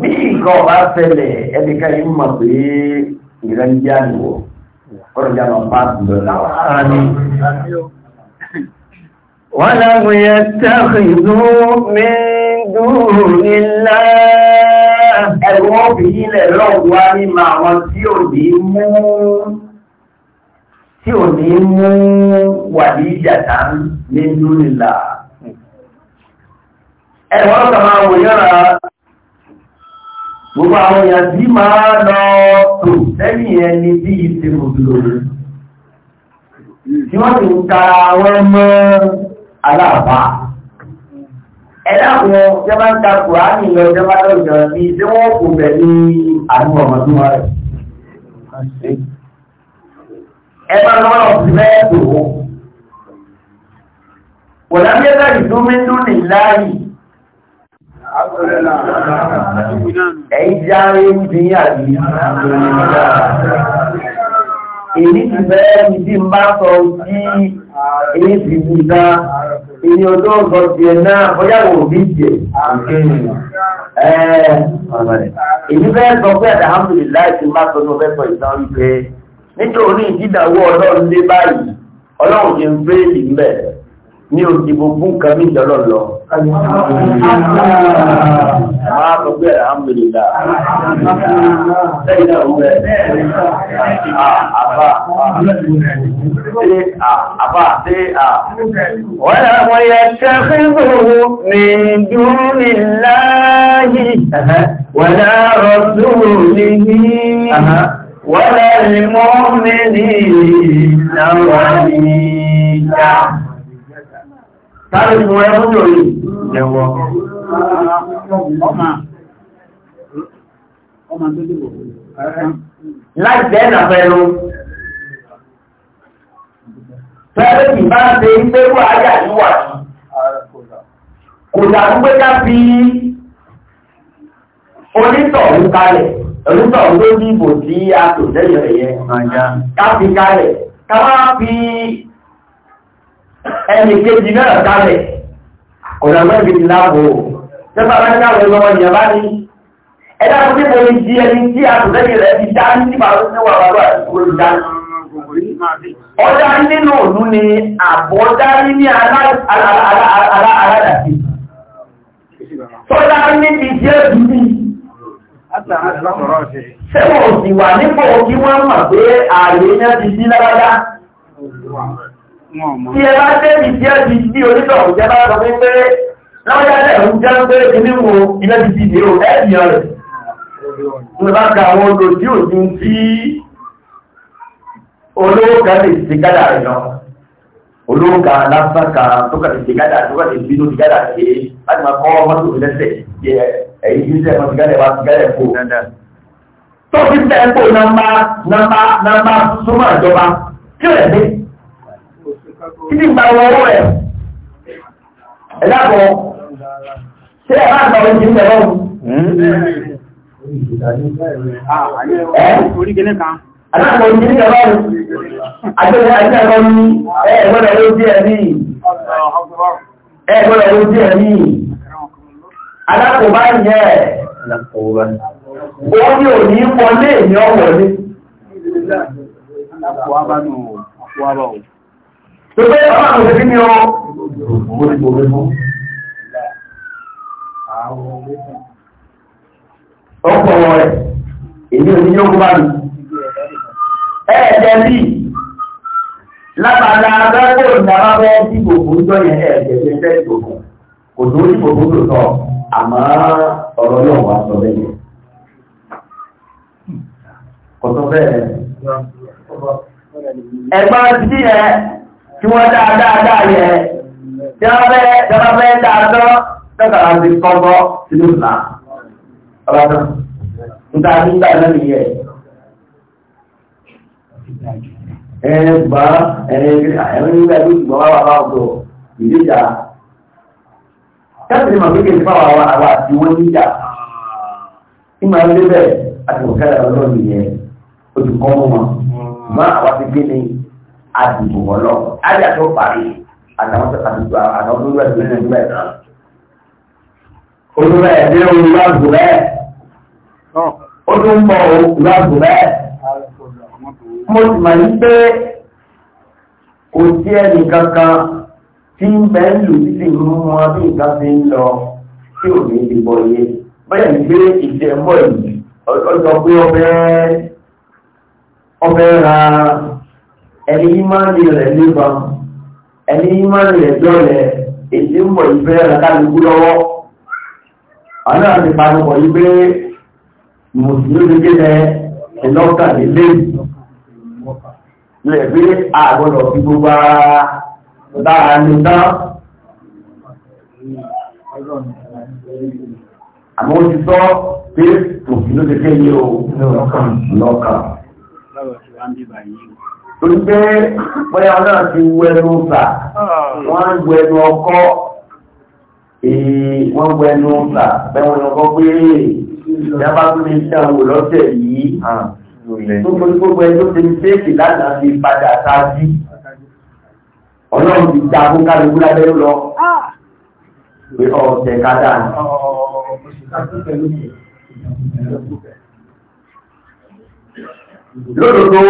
bí nǹkan ọba ṣẹlẹ̀ ẹnìkan yìí mọ̀ pé ìrẹ́ ń jẹ́ àdúgbò kọ́rọ̀ jẹ́ àwọn páàkì lọ́la wà. wọ́n láwọn yẹn tẹ́kìdú mi dúró nílá ẹ̀wọ́n obìnrin ilẹ̀ lọ́wọ́ wá ní ma àwọn tí ò ní mú tí ò ní mú wàdí ìjàdá ní dúró nílá ẹ̀wọ́n kàmá wòyára gbogbo àwọn èèyàn bí máa lọ tò lẹ́yìn ẹni bí ìṣe mùsùlùmí tí wọ́n ti ń ta wọ́n mọ́ aláàbá ẹ̀dàkùn jẹba ń ta kùránì lọ jẹba lọ́jọ́ bí tí wọ́n kò bẹ̀ ní àdúgbò rẹ̀ Ẹ̀yíjá ewu ti yà ní èyí ti bẹ́ẹ̀ ní bí n bá sọ sí èyí ti wù dá èyí ọjọ́ ọ̀sọ̀ tiẹ̀ náà bóyá bí jẹ. Èyí bẹ́ẹ̀ sọ pé Hamlin ti máa sọ ní ọbẹ̀ sọ ìtàn wípé nítorí ìdídàwó ọlọ́run dé báyìí ọlọ́run ní òdìbò fún kan ní ìjọlọ lọ. Máa sọ pé alhamdulillah. Lẹ́yìn náà wúrẹ̀. Ah, àbá. Ṣé àbá ṣé à. Wọ́n yà wọ́n yà ṣẹ́fíìmù ní dúnmí láàyè. Wọ́n yà rọ̀tún nìyí. Wọ́n yà lè mọ́ mi ní ìlànà ìjà. Sáré mú ẹmú ní orí ẹ̀wọ̀. Láì jẹ́ ìdàpẹ̀lú. Fẹ́rẹ́ kì bá ṣe ń gbé wà áyà níwà tí a tò tẹ́lẹ̀ rẹ̀ yẹn ká fi kalẹ̀ ká wá fi ẹnì kejì náà kalẹ̀ ọ̀nà mẹ́bí ti láàbò nípa bá ń dáwọ̀ ẹgbẹ́ wọn ìyàbá ní ẹ̀dá tó dé bẹ̀rẹ̀ di ẹni tí a tó lẹ́yìn rẹ̀ ti dá ní bàbá tó wà wà lọ́wọ́ àti kúrò dá ọjà nínú òlú ni àbọ̀dá ní aládàsí tọ́lá ní ti jẹ́ dúdú sẹ́wọ̀n sì wà nípò kí wọ́n mọ̀ pé ààrẹ náà ti dí lábádá Tí ẹ bá tẹ́ ti jẹ́ ti bí onítọ̀ òjẹ́ bá sọ pé láwọ́jáde ẹ̀rùn o ẹ̀yàn rẹ̀. Mo bá ga àwọn odò tí ò ju tí olówó kan lè ṣe gádà rẹ̀ lọ. Olówó kan lásán kan tó kà lè ṣe gádà tó kà lè bí ló ti gádà ṣe láti máa kọ́ mọ́tò mi lẹ́sẹ̀ ẹ̀yìn tí ń sẹ́ mọ́tò gádà wa ti gádà kó. Tó fi tẹ́ ń pò nàmbá nàmbá nàmbá súnmọ́ ìjọba kí ó títí gba owó rẹ̀ ẹ̀dàpọ̀ ṣé ẹ̀ bá gba ohun tí ń bẹ̀rẹ̀ ọ̀hún. oríkèlè kan. Àdàpọ̀ ohun tí ń bẹ̀rẹ̀ ọ̀hún. Àjọyọ̀ àti ẹ̀rọ ní ẹ̀gbọ́dọ̀ ló dí ẹ̀ ní. ẹ̀gbọ́dọ̀ ló dí ẹ̀ ní. Àdàpọ̀ bá yẹ. Òun ni ò ní wọlé ìyọ́ wọlé. Àdàpọ̀ abánú àpò abáwò tó pé ọmọ àwọn òṣèlú ni ọ ọ̀pọ̀ rẹ̀ èyí ò ní yóò bá mi ẹ̀ẹ̀dẹ̀ bí lábàdà abẹ́kò ìdára bẹ́ dìbò fún jọ yẹn ẹ̀ẹ̀dẹ̀ fẹ́ dìbò fún kò tó dìbò fún tó sọ àmọ́ ọ̀rọ̀ náà wà sọ bẹ́ẹ̀ kò tí wọ́n dáadáa yẹ tí wọ́n fẹ́ dára fẹ́ dáadọ́ tẹ́kàrà ti kọ́kọ́ sínú ìlà ọlọ́dọ́ níta nígbà náà nìyẹ ẹ̀rẹ́ gbà ẹ̀rẹ́ àti wọ́n níjà tí màá lé mọ́ máa ti gbé ní àdìbò wọn lọ ájà tó parí àtàwọn tó kàdí tó àwọn olórí ẹgbẹ́ nínú ẹgbẹ́ náà olórí ẹgbẹ́ olórí àgbò bẹ́ẹ̀ ó tún bọ olórí àgbò bẹ́ẹ̀ mo sì mà ní pé kò sí ẹnì kankan tí ń bẹ ń lù sí mú wọn bí nǹkan fi ń lọ tí ò ní ti bọ iye bẹ́ẹ̀ ni pé ìjẹ́mọ́ ìlú ọjọ́ pé ọbẹ̀ ra ẹni ìmáàlì rẹ̀ níbọn ẹni ìmáàlì rẹ̀ jọ́lẹ̀ èyí ń bọ̀ ìfẹ́ rẹ̀ kálukú lọ́wọ́ ọ̀nà àti panupọ̀ yí pé mùsùlùmí kéde ẹlọ́kàlélé lè pé àgbọ̀dọ̀ fi gbogbo ara dára ní tán àmọ́ ti sọ pé mùsùlùmí kéde ní ọkàn lọ́kàn torí pé bóyá náà ti wú ẹnu bà wọ́n ń wú ẹnu ọkọ́ wọ́n wú ẹnu bà bẹ́wọ̀n ọkọ́ pé ìjábá tó lè dáwò lọ́sẹ̀ yìí gbogbo gbogbo ẹni tó ti ń fèsì lánàá fi padà sáájú ọlọ́run ti dá fún kálukú lábẹ́ lọ pé ọ̀sẹ̀ kádà ní. lódodo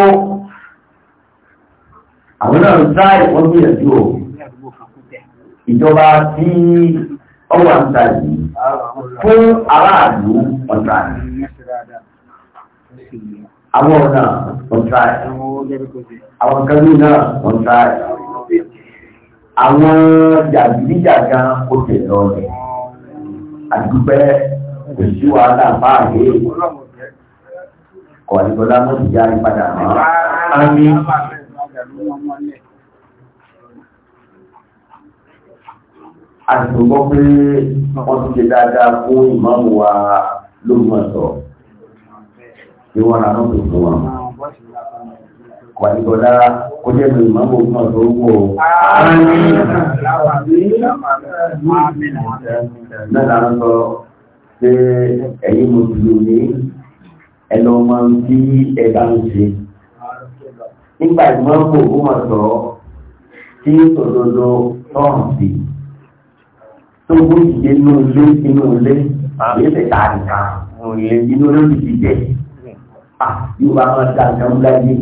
àwọn náà ń sáà ìwọ́n gbìyànjú o ìjọba tí ọwà ń tàbí fún aráàlú ọ̀tà àwọn ọ̀nà ọ̀tà àwọn kanú náà ọ̀tà àwọn jàgídíjàgá ó tẹ̀ lọ rẹ̀ àdúgbẹ́ kò sí wàhálà báàgé kọ̀ àdúgbọ́lá mọ́ ìyá ìpadà mọ́ mú ọmọ lẹ̀. a sì tún gbọ́ pé wọ́n ti ṣe dáadáa fún ìmáàmù wa lóòmọ̀tọ̀ tí wọ́n ra lọ́pọ̀ fún wọn. Kwàdìgbọ́lá kó jẹ́ mi ìmáàmù kan tó wò ó. Mẹ́ta ń sọ pé ẹ̀yin mùsùlùmí ẹ lọ máa ń bí ń ṣe nígbà tí wọ́n kò kó wọn sọ tí òdodo tọ̀hún sí tó kó ìdíje inú ilé inú ilé àbí ẹ̀fẹ̀ tá a nìkan inú ilé ti fi jẹ́ yóò bá wọn dá nǹkan ń láyé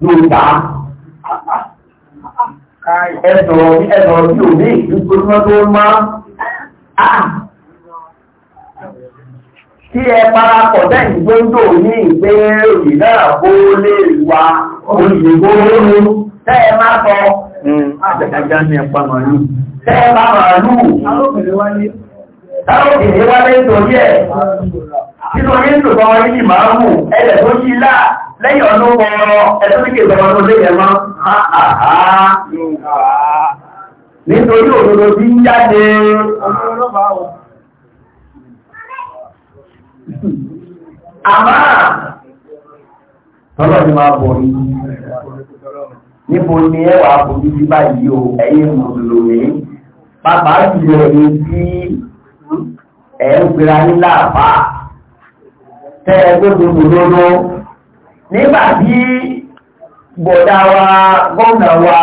yóò dá ẹ̀sọ̀ ẹ̀sọ̀ tí òbí ìdúgbò tó máa kí ẹ parapọ̀ lẹ́yìn gbóńdò ní ìpínlẹ̀ òyì náà bó lè wá olùdìbò lóru tẹ́ ẹ má sọ. Hmm. àjàkájá ní ẹ̀pá màálù. tẹ́ ẹ bá màálù. táwọ̀kìnrin wálé nítorí ẹ̀ nítorí nítorí ọmọ yìí máa ń wù ẹ̀jẹ̀ tó yí là lẹ́yìn ọdún kọ̀ọ̀rọ̀ ẹ̀tọ́ ní kèbọ̀ ọdún lé yẹn mọ́. nítorí òdodo ti ń jáde. ọdún ọlọ́pàá àmá tọ́lọ̀ ni máa bọ̀ ní níbo ni ẹ wà fojú sí báyìí o ẹ̀yin mùsùlùmí pápá jùlọ ní tí ẹ̀ ń pera ní láàbá tẹ́ ẹ tó gbogbo lóró nígbà tí bọ̀dá wa gómìnà wa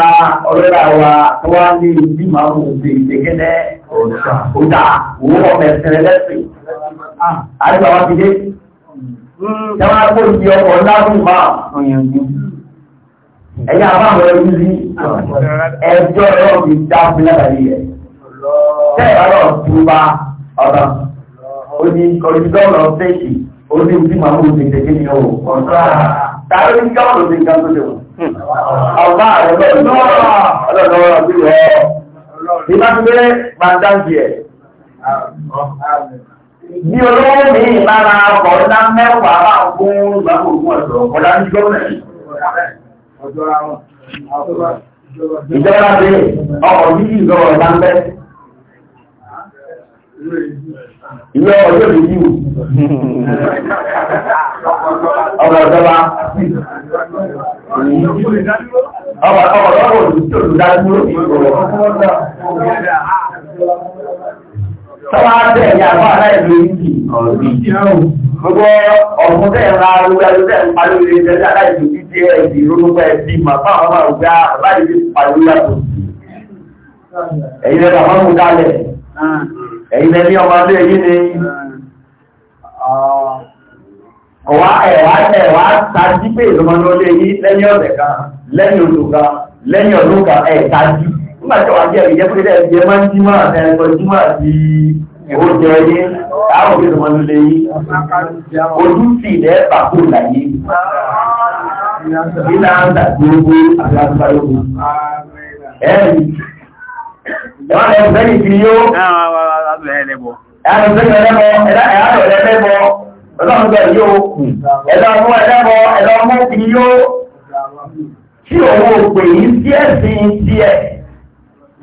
ọ̀rẹ́ra wa tó wá ní ìdí máa mú òde ìdẹ́gẹ́dẹ́ ọ̀dà òwúrọ̀ mẹ́sẹ̀rẹ̀ lẹ́sìn àjọ ah. àwọn ti dé Hmm. Yàrá kó ìdí ọkọ̀ lábùn máa òyìnbó. Ẹ̀yà àbáwọ̀ ẹ̀rú sí ẹjọ́ ẹ̀rọ mi dá fún lábàrí rẹ̀. Tẹ́ ẹ̀rọ tó bá ọ̀rọ̀. Ó ní kọ̀rìdọ́rọ̀ fẹ́ẹ̀kì, ó ní ojú màmú òṣèlú kékeré o. Tàbí ní káwọn òṣèlú kan tó lè wọ̀. Ọ̀gá rẹ̀ lọ́wọ́ ọlọ́rọ̀ bí wọ́ọ́. Ìbá ti gbé màá dáńgì ẹ̀ bí olówó mi ìbára ọkọ̀ ńlá mẹ́wàá bá gún ìgbàgbọ́ ògùn ọ̀dọ̀ ọ̀dá ní gómìnà yìí. ìjọba dé ọkọ̀ yìí ìjọba ọ̀dá ń bẹ́. ìwé ọjọ́ mi yìí ọ̀dọ̀ ìjọba ọkọ̀ ọ̀dọ́ kò tó dá dúró ìgbòho tọ́wọ́ tẹ̀ ní àbá aláìlú ìdí gbogbo ọ̀fun tẹ̀ ń ra arúgbó ẹlú tẹ̀ ń parí ilé ìjẹ́ aláìlú títí ẹ̀dì ronúpọ̀ ẹ̀dì màmá àwọn àrùgbá báyìí ti parí yàtọ̀ ẹ̀yin lẹ́nu àwọn ọmọ kalẹ̀ ẹ̀yin lẹ́nu ọmọ abẹ́ yìí ni ọ̀wá ẹ̀wá ẹ̀wá tají pé ìlọmọdé yìí lẹ́yìn ọ̀sẹ̀ kan lẹ́yìn oṣù kan lẹ́yìn ọdún kan ẹ̀ tají nígbà tí wọ́n jẹ́ ìjẹ́ pé ẹ̀ jẹ́ máa ń jí máa ní ẹ̀kọ́ jí máa di oúnjẹ yé àwọn òbí ọmọ lulẹ̀ yìí ojú sì lẹ́ pàkó láyé ìlà ń dà gbogbo àgbàgbàlógún ẹ̀rì ẹ̀wọ̀n ẹ̀fẹ́ ìfì yóò ẹ̀rọ ẹ̀lẹ́bọ̀ ẹ̀lọ́mú ẹ̀lẹ́bọ̀ ẹ̀lọ́mú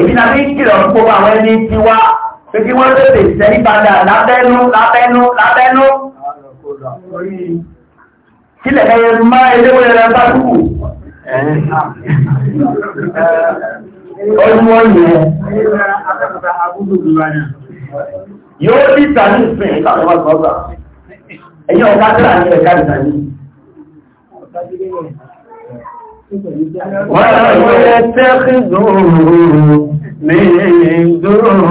èyí náà ní kìlọ̀ ń kó àwọn ẹni tí wá pé kí wọ́n lè sẹ́rí padà lábẹ́nú lábẹ́nú lábẹ́nú sílẹ̀ ẹyẹ má eléwé rẹ bá kú ọdún wọ́n yẹ yóò ní ìtàní ìsìn ìtàní ọgbà ẹ̀yìn ọ̀gá tí ولا يتخذوا من دون الله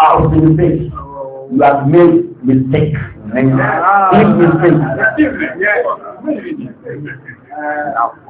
ọ̀rọ̀ ni ọ̀rọ̀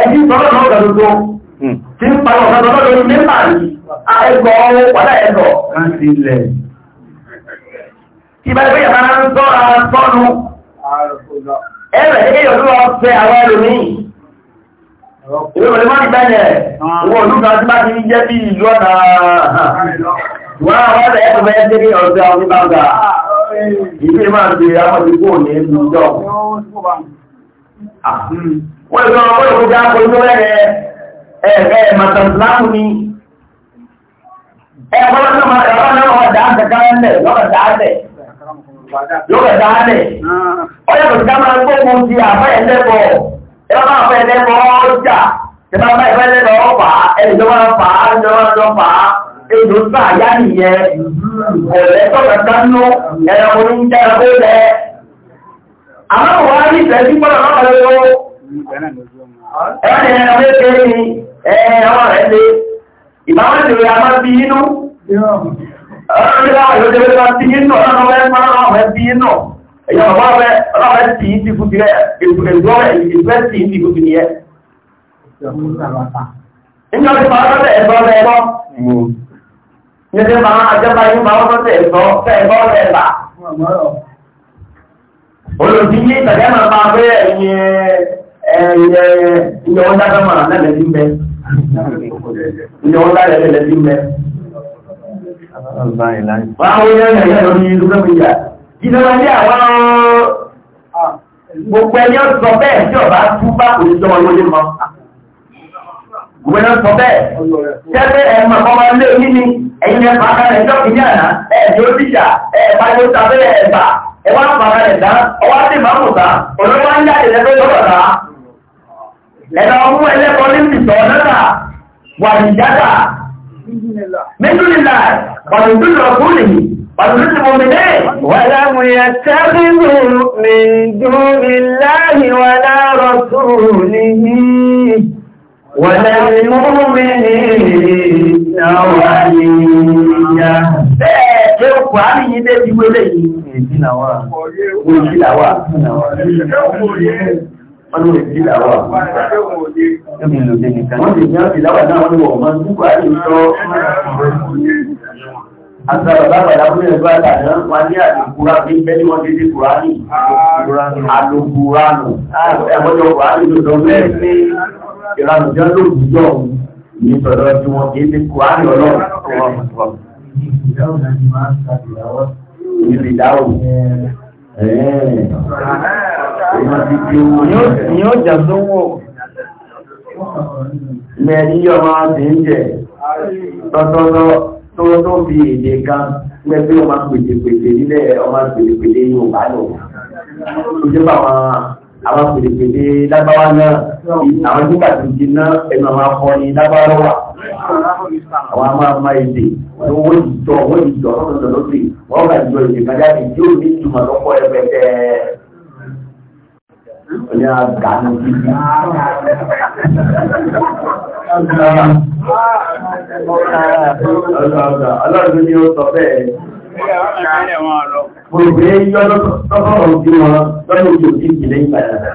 ẹbí tọ́lọ̀ náà gbàdúgbò hmm. tí ń parọ́ ọ̀sán tọ́lọ̀ lórí mẹ́fà yìí ẹgbọ́ wọ́dà ẹ̀dọ̀ láti ilẹ̀ kí bá gbéyàwó máa ń tọ́ ara sọ́nu ẹ̀rẹ̀ ẹgbẹ́ yọ̀dún lọ fẹ́ àwọn ẹlòmíì ìwé wọlé mọ́ nígbà yẹn wọ́n olú kan tí bá ti jẹ́ bí ìlú ọ̀nà wọ́n àwọn ọ̀rẹ́ ẹ̀kọ́ fẹ́ dé ọ̀sẹ̀ àwọn oníbàgbà ìgbé máa ń bèèrè àwọn ìgbó òní ẹnu ọjọ́ wọ́n lọ wọ́n lọ kúta ojú ẹ̀rẹ̀ ẹ̀rẹ̀ màtàlámù ni ẹ̀ wọ́n lọ́nà máa ẹ̀rọ náà wọ́n dà á dẹ̀ká lẹ̀ lọ́nà dà á dẹ̀ lọ́nà dà á dẹ̀ ọ yẹ kòtò kámá gbógun ti àbáyẹ̀ lẹ́bọ̀ ẹ bá máa fẹ́ lẹ́bọ̀ ọjà ẹ bá máa fẹ́ lẹ́bọ̀ ọ̀pá ẹni tó máa fà á ẹni tó máa lọ fà á èdò sá àyá nìyẹn ọ̀rẹ́ tọ́ka dánú ẹ̀rọ oníjẹ́ ẹ̀rọ bó lẹ̀ àmọ́ wọ́n ní ìfẹ́ sí gbọ́dọ̀ náà lọ́wọ́ Ẹni ẹ̀rọ kékeré ni ẹ̀rọ rẹ̀ lé. Ìbáwọ́ ìṣòro a máa bí inú. Ọlọ́run ní láwọn ìlú tẹ́lẹ̀ bá bí inú ọlọ́run ọmọ ẹ̀fọ́ ọlọ́run ọmọ ẹ̀bí inú. Ẹ̀yọ́ bàbá ọ̀fẹ́ ọlọ́run ẹ̀ tì í ti fún tirẹ̀ èdúrọ̀ ìfẹ́ tì í ti fún tirẹ̀. Ìjọba ìfọ̀ ọlọ́run ẹ̀fọ́ ọlọ́run ẹ̀fọ́. Nyẹ́sẹ̀ máa àjọba yín máa wọ́n tẹ̀ ẹ̀fọ́ fẹ́ ẹ̀fọ́ ọ̀lẹ́bà olùdíyé tàbí àmà máa fẹ́ ẹ̀yìn ẹ̀yẹ ìyọ̀wọ́ dáadáa máa lẹ́lẹ̀ sí mẹ́. ìyọ̀wọ́ dáadáa lẹ́lẹ̀ sí mẹ́. Wọ́n á wọ́n yẹn yẹn lórí lókè mídíà. Ìjọba ní àwọn ah, gbogbo ẹni ó sọ bẹ́ẹ̀ tí ọba tú bá kò ní jọmọ lóde mọ́. Gbogbo ẹni ó sọ bẹ́ẹ̀. Jẹ́pẹ́ ẹ̀mọ̀ ọmọ ilé yìí ni ẹ̀yin ẹ̀fà kalẹ̀ ẹjọ́ kìíní àná ẹ̀ẹ̀dì ó dìjà ẹ̀ẹ̀fà yóò ta bẹ́ẹ̀ ẹ̀bà ẹ̀wà fà kalẹ̀ dá ọwọ́ á sì máa mú ta òun ló wá ń jáde lẹ́gbẹ́ lọ́wọ́ ta lẹ́nà ọmú ẹlẹ́kọ́ ní ìsọ̀ náà wà ìjádà méjìlélà pàdùdúlù ọkùnrin pàdùdúlù mọ̀mìnẹ́ wàláwù yàtàbílù mìndúnláàrí wàlárọ̀ Ṣé òkú àrí yìí dé ti wé lè yìí? Èdínàwà. Òjìlàwà. Òjìlàwà wọ́n lè sí ìlàwà wọ́n lè yán ìlàwà náà wọ́n lè wọ̀ mọ́ nígbà àti ìṣọ́ Àtàbàbà àbúrò ẹ̀gbọ́ àtàdán wà ní àdìkúrá bí bẹ́lí wọ́n dédé Kùránì, àdòkúránù, ẹgbọ́jọ Kùránì ló sọ mẹ́rin ìranù jẹ́ lóòjújọ́ ní sọ̀rọ̀ tí wọ́n kìí sí Kùránì ọlọ́run. Ìdáwò ni ó jà sówó mẹ́rin yọ máa ti ń jẹ tọ́tọ́tọ́ tó tó fi èdè kan mẹ́fẹ́ ọmọ pètèpètè nílẹ̀ ọmọ pètèpètè yóò bá lò ìjọba àwọn pètèpètè lágbáwá náà àwọn nígbà tó ti ná ẹnu àwọn akọni lágbáwá wà àwọn a máa ma èdè tó wọ́n ìjọ wọ́n ìjọ lọ́dọ̀dọ̀ lókè wọ́n gbà jọ èdè kájáde tí ó ní ìtumọ̀ lọ́pọ̀ ẹgbẹ̀ẹ́ ní àgbàmù títí. Ọlọ́run ni ó sọ bẹ́ẹ̀. Mo gbé yọ́ lọ́kọ̀ọ̀rọ̀ bí wọn lọ́nà òjò sí ìjìnlẹ̀ ìgbàdàdà.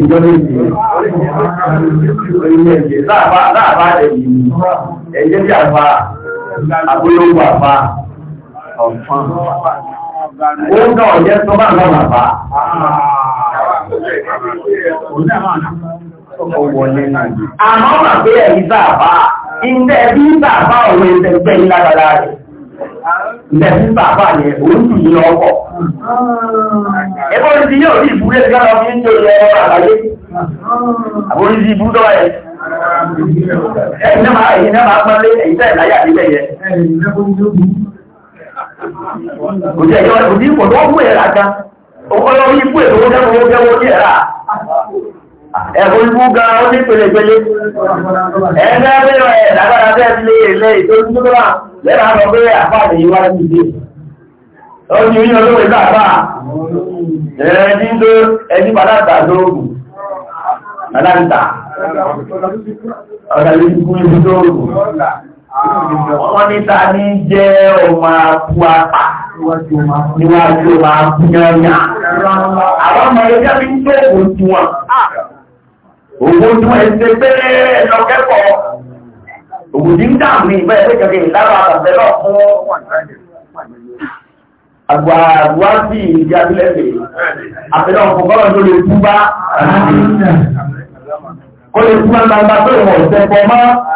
Ìjọ lè jẹ́ orílẹ̀ èdè láàbá ẹ̀yìn ẹ̀yẹ́ bí àfá, àbúlógún àfá, ọ̀fán ó náà yẹ sọ bá lọ bàbá. Àmọ́ bàbá ẹ̀yí bàbá, ilé ẹbí bàbá ọ̀rọ̀ ìtẹ̀gbẹ́ yìí lágbàdá rẹ̀. Ilé ẹbí bàbá yẹn, òun tù yín ọkọ̀. Ẹgbẹ́ ti yóò rí ìbúrẹ́ sí ọ̀rọ̀ fún ní orí ẹ̀rọ àgbáyé. Àbórí ti ìbú dọ́ ẹ̀. Ẹ̀yin náà máa pọ́nlé kò jẹ́ ìjọba kò ní ìpọ̀ tó wọ́n fún ẹ̀rà gan ọkọ̀lọ́ ikú ẹ̀ tó jẹ́ owó jẹ́ owó ní ẹ̀rà ẹ̀kọ́ ikú ga ó ní pẹ̀lẹ̀pẹ̀lẹ̀ ẹ̀ẹ́dẹ́ bẹ́ẹ̀ ẹ̀ lágbára bẹ́ẹ̀ lé ilé ìtọ́jú tó wà lẹ́nà àlọ́ pé àpá àtẹ̀yí wá sí ìdí ó ní oyún olówó ìlú àpá ẹ̀ẹ́dí tó ẹni padà tà lóògùn padà ń tà ọ̀dà lórí ikú ibi tó ògùn Wọ́n ní ta ní jẹ́ ọmọ akú apá níwájú ọmọ akú yányá. Àwọn ọmọ ẹgbẹ́ mi ń tó ògùn tí wọn. Ògùn tí wọ́n ṣe pé lọ kẹ́kọ̀ọ́. Ògùn tí ń dà mí ìbẹ́ ẹgbẹ́ kẹ̀kẹ́ ìlára àtàbẹ́ lọ fún àgbà àgbà sí ìdí abílẹ̀fẹ̀. Àbẹ̀lẹ̀ ọ̀pọ̀ bọ́lá ló lè kú bá. Kó lè kú bá gbàgbà tó ìwọ̀n ìṣẹ́kọ̀ọ́ máa.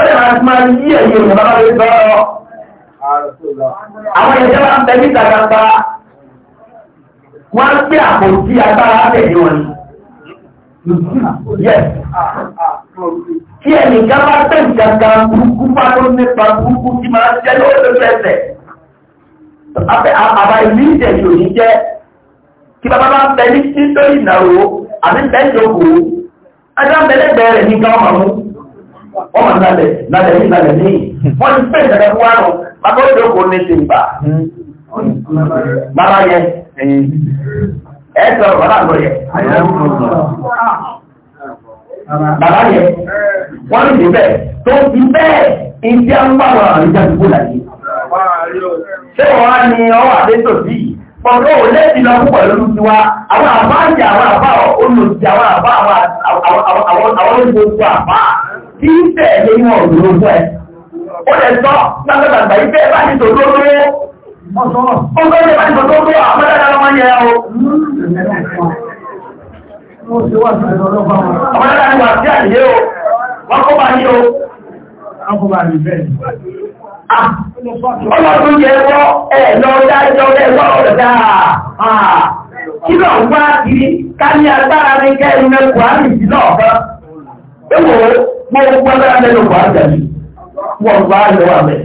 ọ̀dẹ̀ máa ti máa yí ẹ̀yẹ ìyẹn bá lè sọ ọ́. Àwọn ẹ̀jẹ̀ máa ń bẹ níta gbangba. Wọ́n á gbé àpòtí agbára tẹ̀lé wọn ni. Kí ẹnìkan bá tẹ̀ gàgà burúkú bá ló nípa burúkú tí máa jẹ́ lórí lórí ẹsẹ̀. Àbá ìlú ìjẹ̀jì òní jẹ́ kí bàbá bá ń bẹ ní nítorí ìnáwó àbí bẹ́ẹ̀ jókòó. Ajá ń bẹ lẹ́gbẹ̀ẹ́ rẹ̀ ní gáwọn màmú. wọ́n mọ̀ nálẹ̀ nálẹ̀ yìí ní wọ́n ti bàbá ó ní bàbá yẹ bàbá àgbọ̀ yẹ. bàbá yẹ wọ́n ní bẹ́ẹ̀ tó ti bẹ́ẹ̀ ìdí àwọn àwọn àwọn àwọn àwọn tí ń tẹ̀lé wọn ò lò ẹ. Ó lè sọ gbàgbàgbà yìí bá ti tò tó lówó. Ó gbé bẹ́ẹ̀ bá ti tò tó lówó àwọn ọ̀dọ́ lọ́mọ yẹ o. Àwọn ọ̀dọ́ sí àyè o. Wọ́n kó bá yí o. Ọlọ́run yẹ wọ́ ẹ̀ lọ dájọ́ ẹ̀ wọ́ ọ̀rọ̀ dáa. Kí lọ wá kiri ká ní agbára ní kẹ́rin mẹ́kùn á nìyí náà kan. Ewò gbogbo agbára mẹ́lò kò á wọ́n bá lọ wà mẹ́.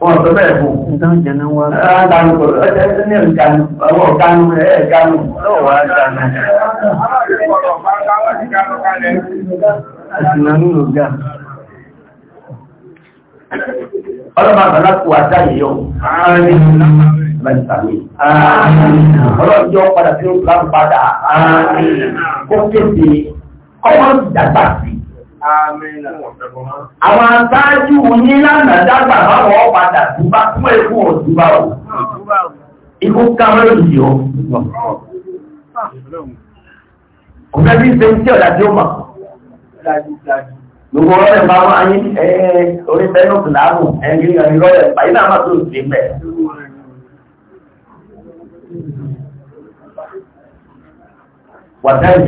Wọ́n sọ bẹ́ẹ̀ fún. Ìdáhùn jẹ́ wá. Ẹ̀ẹ́dánù kò ní ẹ̀ẹ́dánù, ọwọ́ ọ̀dánù, ẹ̀ẹ́dánù, ọwọ́ ọ̀dánù. Àtìlánú ló gà. Ọlọ́mọ wá jáde láti tàbí. ọlọ́jọ́ padà sí ó láti padà kó kéde kọ́mọ́ dàgbà sí. àwọn aṣáájú ní lánàá dàgbà báwọn padà dùbá fún ẹkú ọ̀dùbá o. ikú kámẹ́rù yìí o. kò fẹ́ bí ṣe ń tí ọ̀dà tí ó mọ̀ gbogbo ọlọ́dẹ̀ bá wọ́n ayé orí bẹ́ẹ̀ ló kìláàbù ẹ̀yìn ìrọ̀lẹ́ ìpàdé náà má tó ṣe bẹ́ẹ̀. ولم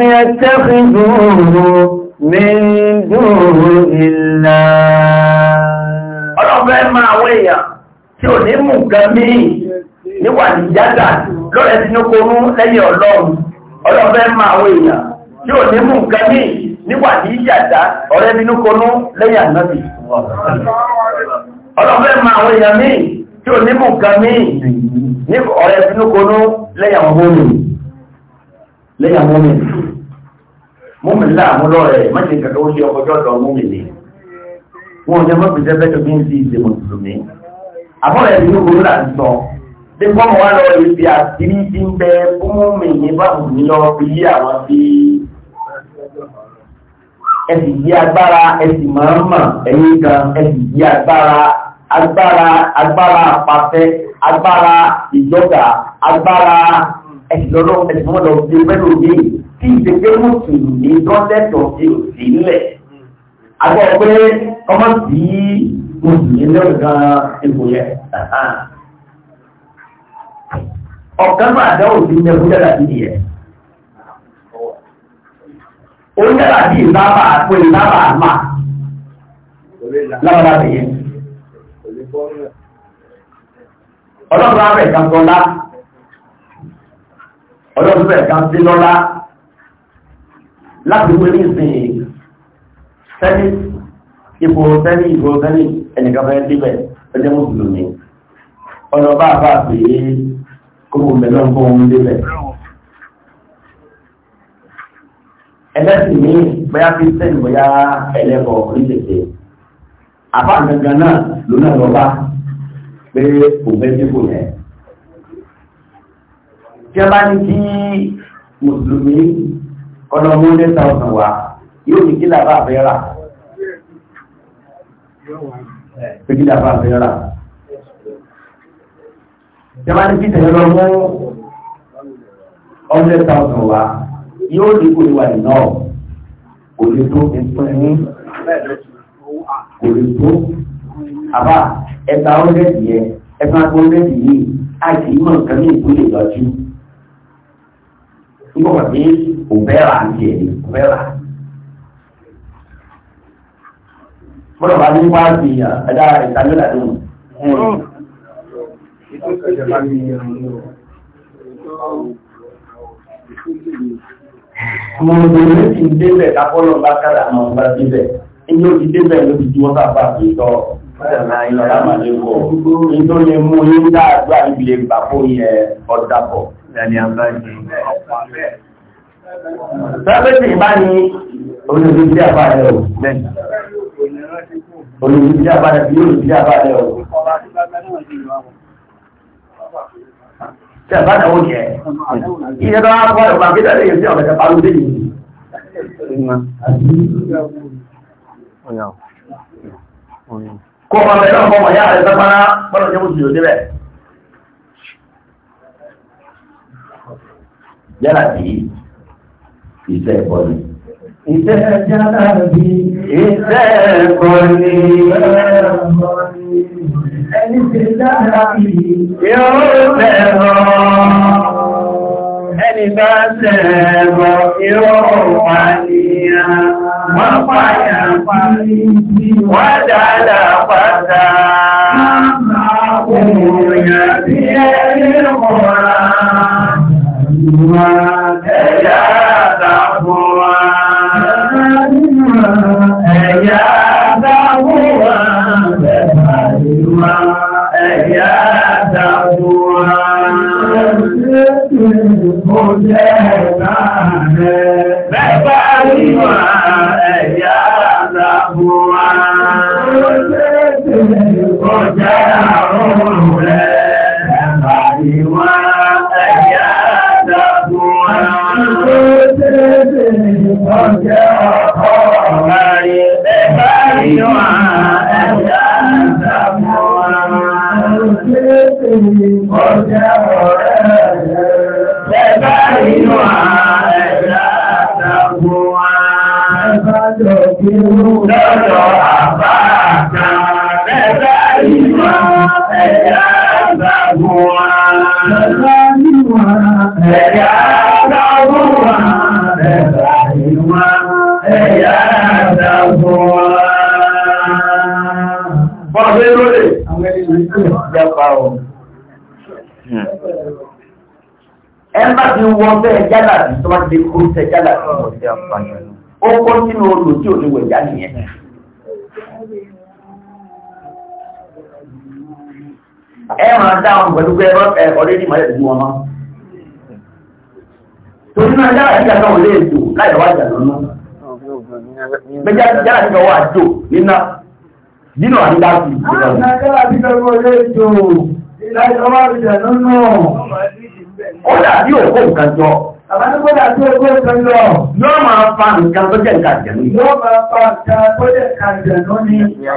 يتخذوه من دون الله ọlọ́fẹ́ máa wé èèyàn tí ò ní mú nǹkan míì níwà ní jádà lọ́rẹ̀ tí ní korú lẹ́yìn ọlọ́run ọlọ́fẹ́ máa wé èèyàn tí ò ní mú nǹkan níwà ní jádà ọ̀rẹ́ tí ní lẹ́yìn ànábì ọlọ́fẹ́ ma àwọn èèyàn míì tí ò ní bùkà míì ní ọ̀rẹ́ tinúkonú lẹ́yàmọ́mí lẹ́yàmọ́mí múmi láàmúlọ rẹ̀ mọ́sí kàkà ó ṣe ọkọjọ́ lọ múmi ní wọn jẹ́ mọ́sí jẹ́ bẹ́ẹ̀ tó bí ń sí ìṣe mùsùlùmí àbọ̀rẹ́ tinúkonú là ń sọ bí kọ́mọ̀ wá lọ rí bí àtìrí ti ń bẹ fún múmi ní báwo ní lọ fi yí àwọn bí ẹ̀sì yí agbára ẹ̀sì máa ń mọ̀ ẹ̀yìn kan ẹ̀sì yí agbára agbára agbára àpàtẹ agbára ìjọba agbára ẹ̀sìnlọ́lọ́ ẹ̀sìnlọ́lọ́ bí pẹ́lú mi tí ìgbẹ́gbẹ́ mùsùlùmí lọ́lẹ́tọ̀ sí òsì ńlẹ̀ agbọ́ pé ọmọ sí mùsùlùmí lẹ́wọ̀n gan ipò yẹ ọ̀kan máa dáwọ̀ sí ilẹ̀ fún yàrá sí ìyẹn ọlọ́run abẹ́ ìka sọlá ọlọ́run bẹ̀ ká sí lọ́lá láti wé ní ìsìn sẹ́ni ipò sẹ́ni ìbò sẹ́ni ẹnìkan fẹ́ débẹ̀ ẹjẹ́ mùsùlùmí ọ̀nà bá bá pè é kókò mẹ́lọ́ kó ń débẹ̀ ẹlẹ́sìn ní bóyá fi sẹ́ni bóyá ẹlẹ́kọ̀ọ́ orí tètè àbá gangan náà ló náà lọ bá pé kò fẹ́ dípò yẹn. tí a bá ní kí mùsùlùmí kọ́nà mọ́ndé tàwọn wá yóò ní kí làbá àfẹ́ rà pé kí làbá àfẹ́ rà. tí a bá ní kí tẹ̀yẹ́ lọ mú hundred thousand wá yóò ní kò ní wà ní náà kò ní tó ní pín ní kò lè tó àbá ẹgbà ọ̀rẹ́dì yẹ ẹgbà ọ̀rẹ́dì yìí àti ìmọ̀ nǹkan ní ìpínlẹ̀ ìlọ́jú nígbà wà pé òbẹ́ra ń jẹ òbẹ́ra. bọ́dọ̀ bá ní wá sí ẹ̀dá ìtàlẹ́lẹ̀ àdéhùn mo ń gbé ní ti débẹ̀ kápọ́lọ̀ bá kádà mọ́ bá débẹ̀ inú ti débẹ̀ ló ti ju wọ́n sábà fi sọ ọ̀sẹ̀láìlọ́lámàlẹ́kọ̀ọ́ nítorí mú yín dáadọ́ àìbìlẹ̀ gbàpọ̀ yẹ ọ̀dàpọ̀ Sábẹ́sì bá ní olùdíjí àbáyẹ̀ ò. Olùdíjí àbáyẹ̀ bí olùdíjí àbáyẹ̀ ò. Ṣẹ̀báyẹ̀ ó jẹ́. Ìyẹ́ bá wá kọ́ ẹ̀kọ́ àgbẹ́dẹ̀ lè yẹ sí ọ̀gẹ̀dẹ̀ kó ọmọ bẹ̀rẹ̀ ọmọ ọmọ yára rẹ̀ sápára gbọ́dọ̀ jẹ́ mùsùlùmí òde rẹ̀ yára sí iṣẹ́ ẹ̀kọ́ ni. Ìṣẹ́ yára bí iṣẹ́ ẹ̀kọ́ ni. Ẹni tí dára bí ẹni bá ṣẹ̀rọ irọ́ pàníyàn wọ́n pàyàn pàní wọ́n dáadáa pàtà òmìnira bí ẹni mọ́ra ẹ̀yà jẹ́ náà rẹ̀. Bẹ́ẹ̀bá ríwà ẹ̀yà àdàbò wa. Ó jẹ́ tẹ̀lẹ̀ kọjá àrùn rẹ̀. Bẹ́ẹ̀bá ríwà ẹ̀yà àdàbò wa. Ó jẹ́ tẹ̀lẹ̀ kọjá àrùn rẹ̀. Bẹ́ẹ̀bá ríwà ẹ̀yà àdàbò wa. Ó jẹ́ tẹ̀lẹ̀ kọjá àrùn rẹ̀ bá nínú àìlá àtàkù wa. Ẹ bá jọ kí ó lọ́dọ̀ àbá àkà. Ẹ bá nínú àìlá àtàkù wa. Ẹ bá nínú àìlá àtàkù wa. Ẹ bá nínú àìlá àtàkù wa. Bọ́ọ̀lù lórí. Àwọn ẹni tó ń bá ọ ẹnba ti wọ bẹ́ẹ̀ jálà bí tó bá ti kó sẹ jálà bí mo ṣe àǹfààní ó kó sínú odò tí ò ní wẹ̀ já nìyẹn. ẹ máa dáhùn pẹ̀lú pé ẹ ọ̀rẹ́ ní ìmọ̀lẹ́ ìdúró ọmọ. torí náà jálà nígbà náà ò lè tò láì wá jà lọ́nà. bẹ́ẹ̀ jálà nígbà wà jò nínà nínú àdúgbò àti ìgbéra. àwọn jálà nígbà wọlé tò láì wá jà lọ́nà ó dàbí òkú nǹkan jọ. Àbá ní kó dàbí òkú nǹkan jọ. Yóò máa fa nǹkan tó jẹ́ nǹkan jẹ̀nu. Yóò máa fa nǹkan tó jẹ́ nǹkan jẹ̀nu ní ìyá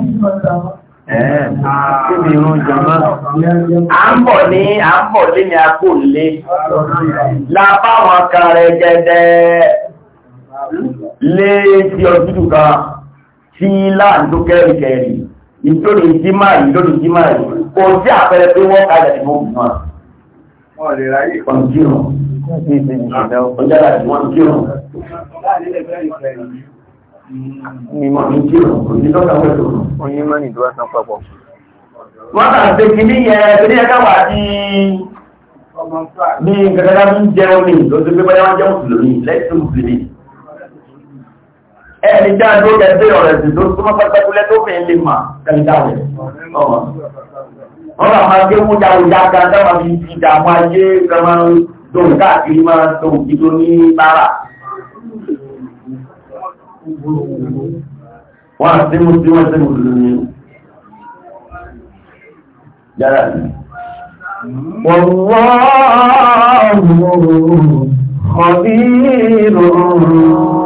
ìmọ̀ ìtàwọn. Kíbi irun jọmọ́. À ń bọ̀ ní à ń bọ̀ lé ní apò lé. Lábáwọn kan rẹ̀ gẹ́gẹ́ lé sí ọdúdú kan sí láàndó kẹ́rìkẹ́rì. Ìtòlù ìjímà yìí lórí ìjímà Kò sí àpẹẹrẹ pé wọ́n kalẹ̀ ní gbogbo Wọ́n lè ní kírùn. san papọ̀. Wọ́n kà ṣe kì ní yẹn tó ní ẹ̀ká wà ní bí gẹ́gẹ́gá bí ní lóṣù pé báyá wọ́n jẹun mùsùlùmí lẹ́sùn mùsùlùmí. Ẹni dáadó ọ̀rọ̀ máa gbé mú jáwó yága dáwà bí ìdàmú ayé gama dòun káàkiri máa dòun kí tó ní náírà wọ́n àti mú sí wọ́n sí mú lórí ní wọ́n wọ́n mú ọ̀bí rọrùn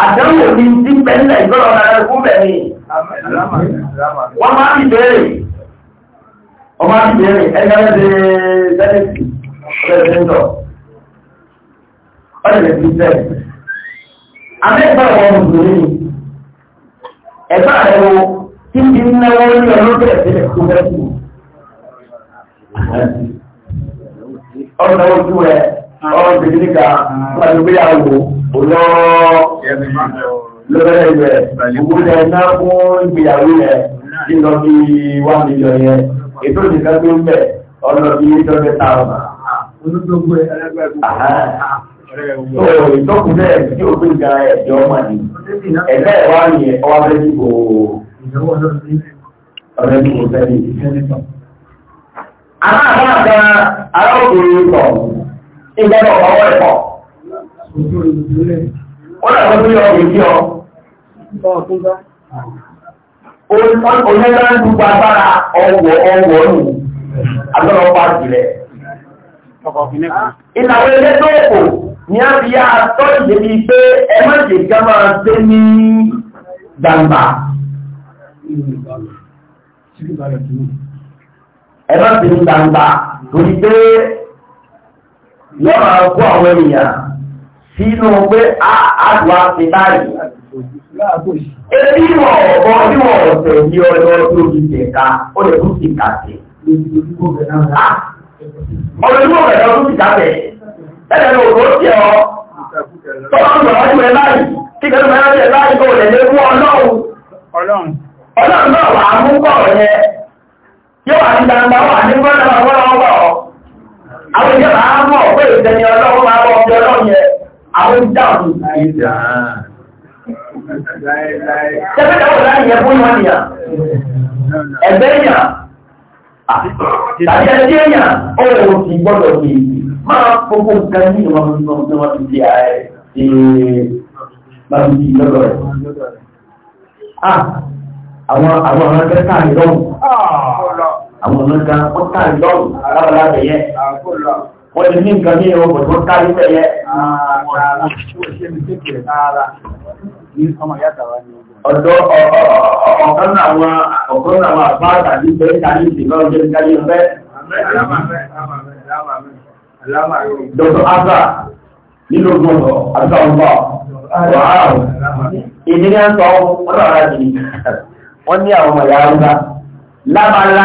àdánwò ní tí pẹ́lẹ̀ ìgbọ́nà ọ̀nà fún bẹ̀rẹ̀ wọ́n máa ń bèèrè ọmọ máa ń bèèrè ẹgbẹ́rẹ́ sẹ́lẹ̀sì ọ̀rẹ́sẹ̀ntọ̀ ọ̀rẹ́sẹ̀ntì sẹ́lẹ̀sì amẹ́gbà wọn mùsùlùmí ẹ̀gbà ẹ̀wọ̀ tí ti ń náwó ní ọlọ́dẹ̀ ọ̀rọ̀ ìgbèjì níka pàdé pé àwò olóòrẹ̀ ìwẹ̀ ìgbòjẹ̀ iná fún ìgbìyàwó rẹ̀ nílọ bí wà nílọ yẹn ètò ìdíkà tó ń bẹ̀ ọ̀nà bí i tọ́jẹ́ táwọn ìtọ́kùnlẹ̀ tí ó gbé ga ẹ̀jọ́ ọmọ ni ẹ̀lẹ́ ẹ̀wà ní ọwá bẹ́ dìbò ọ̀rẹ́ dìbò tẹ́lẹ̀. Aláàbá àgbà arákùnrin kan ìgbọ́dọ̀ ọ̀pọ̀ ẹ̀kọ́. Wọ́n dàgbà tó yọ èyí ọ. Onígbà ń dúpọ̀ agbára ọwọ̀ ọwọ̀ nù, agbára ọpá jùlẹ̀. Ìlàwó ilé tó kò ní a fi yá tọ́ ìdébí pé ẹmọ́ ìdèkà máa tẹ́ ní gbangba. Ẹmọ́ ìdèkà máa tẹ́ torí pé yóò máa kó àwọn èèyàn sínú pé àdùn àti báyìí. Ebi wọ̀ ọ̀bọ bí wọ̀ ọ̀sẹ̀ ní ọjọ́ tó fi tẹ̀ka, ó lè tún ti kàtẹ̀. Ọ̀rọ̀ ìlú ọ̀rẹ́ lọ tún ti kàtẹ̀. Ẹ̀rẹ̀ ló ló tiẹ̀ ọ. Tọ́lá ń lọ́wọ́ ju ẹ báyìí, kí kẹ́lú mẹ́rin jẹ báyìí kò lè àwọn ìjẹ́ máa mọ̀ pé ìtẹni ọlọ́run máa bọ́ ọjọ́ ọlọ́run yẹ àwọn ìdáhùn ìdá tẹ́fẹ́tẹ́wọ̀ láì yẹ fún ìwọ̀n nìyà ẹgbẹ́ èèyàn tàbí ẹgbẹ́ èèyàn ó rẹ̀ ò sì gbọ́dọ̀ sí máa fọ́kọ́ nǹkan ní ìwọ̀n tí wọ́n ti di ààrẹ ṣe máa fi di lọ́dọ̀ rẹ̀ ah, àwọn àwọn ọ̀rọ̀ ẹgbẹ́ sáà ní lọ́wọ́ ah, àwọn ọmọ nǹkan wọ́n tàrí lọ́rùn alábàlá tẹ̀yẹ wọ́n ti ní nǹkan ní ọgbọ̀n tó tàrí tẹ̀yẹ ọ̀dọ́ ọ̀kan àwọn ọ̀kan àwọn àbáàdà ní pé tàrí ìsìnkọ́ ọjọ́ ìkájí ọ̀fẹ́ Dr. Abba nínú gbọ́dọ̀ àti ọgbà wàhálà ìdílé ń sọ wọ́n ní àwọn ọmọ ìyá lábàlá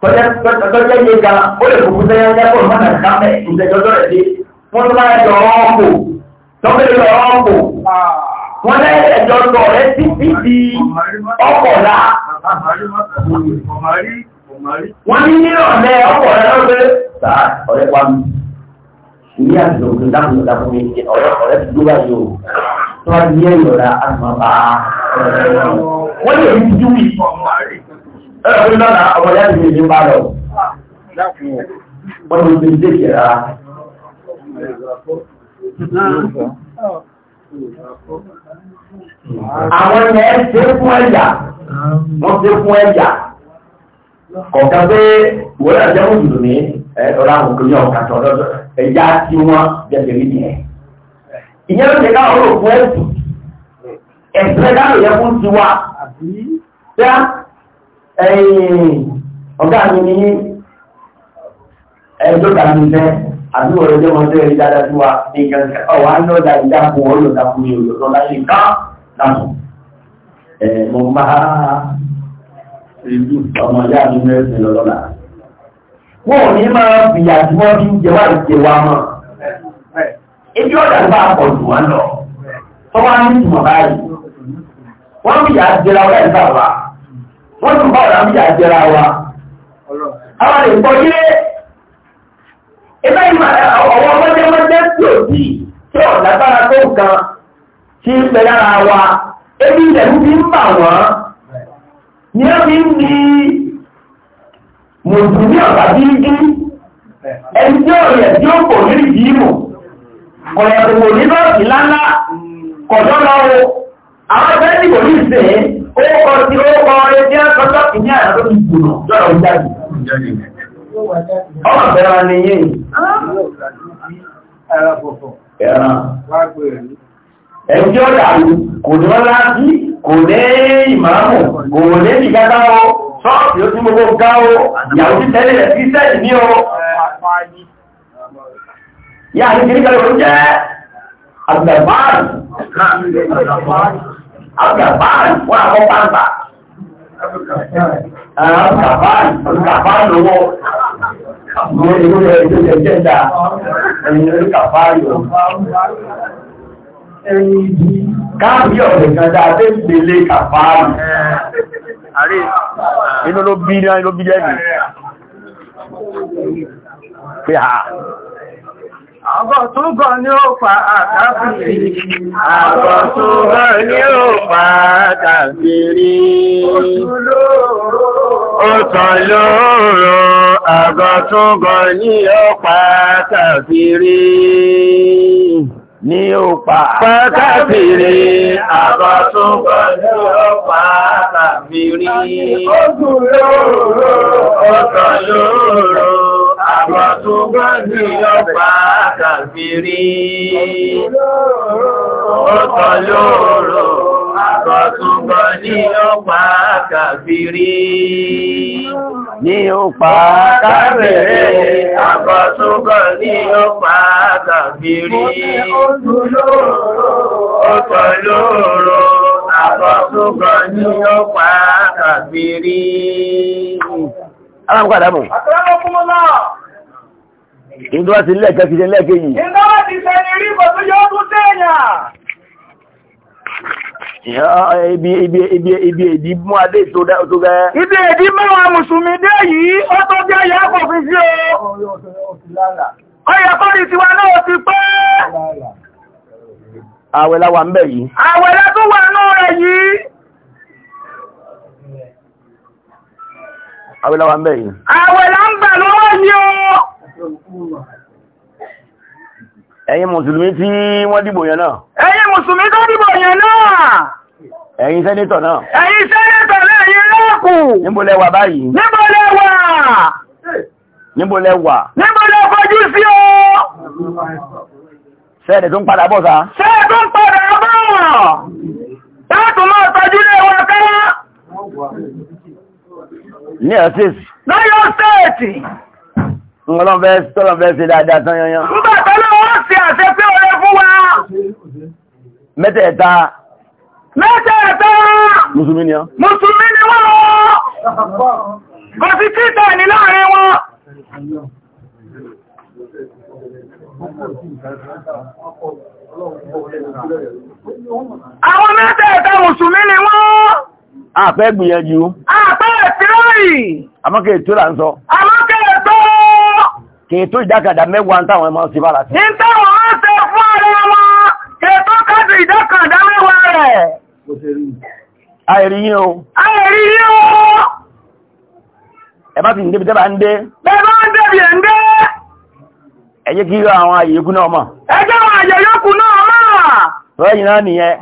tọ́jẹ́ yé ga ó lè kókó sẹ́yẹ́ lẹ́kọ̀ọ́ mọ́nà ìdámẹ́ ìṣẹ̀jọ́jọ́ rẹ̀ dé wọ́n tó máa yọ ọ́pò tọ́pẹ́ yọ ọ́pò wọ́n lẹ́yìn ẹ̀jọ́ sọ rẹ̀ títí di ọkọ̀lá wọ́n ní nírọ̀lẹ́ ọkọ̀lá lọ́pẹ́ sáà o tó ẹ̀rọ̀fún lọ́nà ọmọ yá ti ní ìjọba lọ wọ́n ti ń dékè rárá àwọn ilẹ̀ ṣe fún ẹ̀yà wọ́n ṣe fún ẹ̀yà kọ̀ọ̀kan pé wọ́n yà jẹ́ mùsùlùmí ẹ̀rọ àwọn òkè ní ọ̀kàtọ̀ lọ́dọ̀ ẹ̀yà tí wọ́n jẹ́jẹ́ rí yẹn ìyẹn ló ṣe káwọn olóògùn ẹ̀sùn ẹ̀yìn ọ̀gá mi ní ẹjọ́ta mi fẹ́ àbí ọ̀rọ̀ jẹ́ wọn tẹ́rẹ dáadáa tí wa ní gẹ̀ẹ́gẹ́ ọwà ń lọ́dà ìdáàbò ọlọ́dàkùn ní olùsọ láti ká láàmù ẹ̀mọ̀ máa rídú ọmọ ìyá mi mẹ́rin lọ́lọ́lá wọ́n ní máa fìyà tí wọ́n fi ń jẹwà ìjẹwà mọ́ ibi ọ̀dà bá pọ̀ jù wọ́n lọ tọ́wọ́ ní ìtumọ̀ báyìí wọ́n fìyà jẹra ọ̀rẹ́ ìgbà wa wọ́n tún bá ọ̀rọ̀ àmújà jẹra wa. Àwọn ìpọ̀ yé ẹgbẹ́ ìmọ̀ ọ̀wọ́ mọ́jẹ́mọ́jẹ́ tí ò sí tí ò lágbára tó nǹkan tí ń pẹ lára wa. Ebi ìlẹ̀lú fi ń bà wọ́n. Ní ó fi ń di mùsùlùmí ọ̀gá dídí. Ẹni tí ó yẹ tí ó kò ní ìdí ìmù. Ọ̀rẹ́ kòkò nínú ọ̀sìn láńlá kọ̀dọ́ lọ́wọ́. Àwọn ẹgbẹ́ tí kò ní ìsìn Orúkọ tí orúkọ ẹgbẹ́ akọ́jọ́ ìní àyàtọ̀ ti gbùnà lọ́rọ̀ ìjáde. Ọmọ bẹ̀rẹ̀ wọn ni yé. Ẹjọ́ dàrú kò ní wọ́n láti kò ní ìmáàmù kò ní ìgbàgbà o ṣọ́ọ̀tì ó tí gbogbo ga o ìyàwó ti tẹ́lẹ̀ rẹ̀ sí sẹ́ẹ̀ ní o. Yá àti kìrìkà ló jẹ́ àgbàbáàrù. Àgàbáàlì wọ́n àkọ́ pàǹpà. Àgàbáàlì kàfáàlì owó. Mo ní ìlú rẹ̀ tó jẹ jẹ́dà. Ẹ̀yìn lórí kàfáàlì o. Ẹni ibi káàbí ọ̀rẹ́ kan dáa tẹ́ ìpele kàfáàlì. Àrí inú ló bí ní ló bí jẹ́ mi. Pé ha. Àbọ̀ tó bọ̀ ní ó pa àkàfìrí. ó pa lóòrò, àbọ̀ tó bọ̀ ní ó pa àkàfìrí. Ní ó pa àkàfìrí, àbọ̀ tó bọ̀ ní ó pa àkàfìrí. Ó tàn lóòrò, ó tàn lóòrò àwọn tó bá ní ọ̀pá kàfìrí. Ó sọ lóòrò àwọn tó bá ní ọ̀pá kàfìrí. Ní ọ̀pá kàfìrí, àwọn tó bá ní ọ̀pá kàfìrí. Ó sọ lóòrò àwọn tó bá ní ọ̀pá kàfìrí. Alámgbàdámù. Àtàrà ọkùnmọ́lá ìdó wá sí lẹ́ẹ̀kẹ́ kìí lẹ́ẹ̀kejì ìdó wá sí sẹ́ni rí bọ̀ tó yọ ọdún tẹ́yàn ibi èdè mú ibi èdè mẹ́wàá mùsùlùmí dé yìí ó tó jẹ́ yà kò fi sí o ọyọ̀ kọ́rì tiwa náà ti pẹ́ àwẹ̀lá wà ń bẹ̀ yìí àwẹ̀lá tó wà náà rẹ̀ yìí àwẹ̀lá wà ń bẹ̀ lọ́wọ́ yìí o ẹ̀yin mùsùlùmí tí wọ́n dìbò yẹn náà ẹ̀yin mùsùlùmí tó dìbò yẹn náà ẹ̀yin sẹ́nẹ́tọ̀ náà ẹ̀yin sẹ́nẹ́tọ̀ náà yẹn lọ́kù níbo lẹ wà báyìí níbo lẹ wà níbo lẹ wà níbo lẹ kọjú sí o sẹ́ẹ̀dẹ̀ tó ń padà bọ̀ sá sẹ́ẹ̀ tó Tọ́lọ̀ fẹ́ ṣe dáadáa tán yanyan. Nígbà tọ́lọ̀ wọ́n ṣe àṣẹ pé ọ̀rẹ́ fún wa. Mẹ́tẹ̀ẹ̀ta. Mẹ́tẹ̀ẹ̀ta. Mùsùlùmí ni wọ́n. Mùsùlùmí ni wọ́n. Kò sí títà ní láàrin wọn. Àwọn mẹ́tẹ̀ẹ̀ta Mùsùlùmí ni wọ́n. Àfẹ́ gbìyànjú. Àfẹ́ ìtìlọ́rì. Àmọ́kè tó là ń sọ. Àmọ́ kètò ìdákàdà mẹ́wàá táwọn ẹmọ sí bára sí. ní táwọn máa tẹ fún ààrẹ wọn kètò kájú ìdákàdà mẹ́wàá rẹ̀. àìrí yín o. àìrí yín o. ẹ bá ti ń débi ń dé. bẹ́ẹ̀ bá ń débi ẹ̀ ń dé. ẹ jẹ́ kí àwọn àyè yókù náà mọ̀. ẹ jẹ́ àwọn àyè yókù náà mọ̀. yìí náà nìyẹn.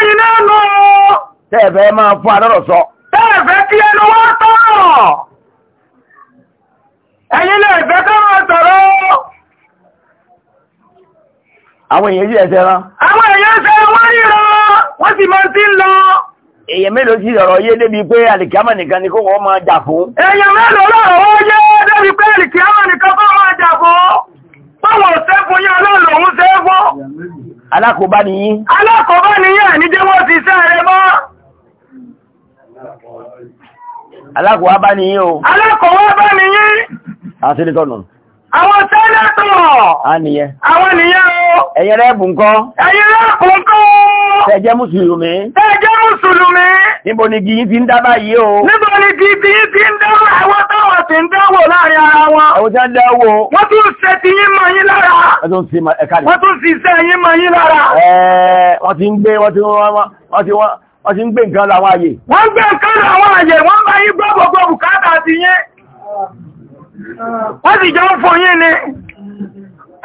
yìí náà nù. tẹ́ẹ̀fẹ́ máa fún adọ́rọ̀ sọ. tẹ́ẹ̀fẹ́ kí ẹnu wọ́n lè fẹ́ tọ̀rọ̀ àwọn èèyàn yìí ẹ̀sẹ̀ rán àwọn èèyàn ṣe wọ́n ríran wọ́n sì máa ti ń lọ èèyàn mélòó sí ọ̀rọ̀ yé débi pé àlìkíámà nìkan ni kó wọ́n máa jà fún èèyàn mélòó lọ́rọ̀ wọ́n yé débi pé àlìkíámà nìkan kó máa jà fún báwọn ṣẹ́fún yá lọ́lọ́run ṣẹ́fún alákòóbá ni yín alákòóbá ni yín àníjẹ́ wọ́n ti sẹ́rẹ̀ mọ́ alákòóbá ni yín o alákòóbá ni yín Àwọn sẹ́lẹ̀tọ̀. A nìyẹn. Àwọn nìyẹn o. Ẹ̀yin rẹ́ẹ̀bù nǹkan. Ẹ̀yin rẹ́ẹ̀bù nǹkan o. Mùsùlùmí. Tẹ̀jẹ́ Mùsùlùmí. Níbo ni ti ń yi o? Níbo ni ti ń dá àwọn táwọn ti ń dáwò láàrin ara wọn? Ẹ̀wọ̀n tí wọ́n dáwò. Wọ́n tún ṣe ti yín mọ yín lára. Wọ́n tún sì ṣe yín yín lára. wọ́n ti ń gbé wọ́n ti wọ́n wọ́n ti ń gbé nǹkan láwọn àyè. Wọ́n gbé wọ́n sì jọ ń fún yín ni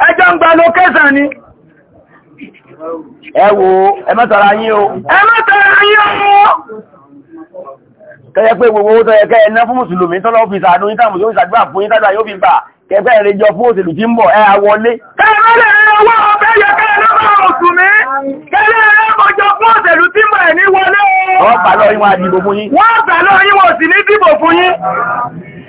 ẹjọ́ ń gba lókẹ́sàn ni ẹ wo ẹ o ẹ má tara o kẹ́yẹ́ pé gbogbo owó tọ́yẹ kẹ́yẹ ná fún mùsùlùmí tọ́lọ́ fi sàánú yín táàmù yóò ṣàdúrà fún yín tàbí yóò fi bà kẹfẹ́ ẹ̀rẹ́ jọ fún òṣèlú tí ń bọ̀ ẹ àwọlé kẹ́yẹ́ lẹ́rẹ́ owó ọ̀fẹ́ yẹ kẹ́yẹ lọ́pàá mùsùlùmí kẹ́yẹ́ lẹ́rẹ́ mọ̀jọ fún òṣèlú tí ń bọ̀ ẹ̀ ní wọlé o wọ́n bà lọ yín wọ́n á dìbò fún yín wọ́n bà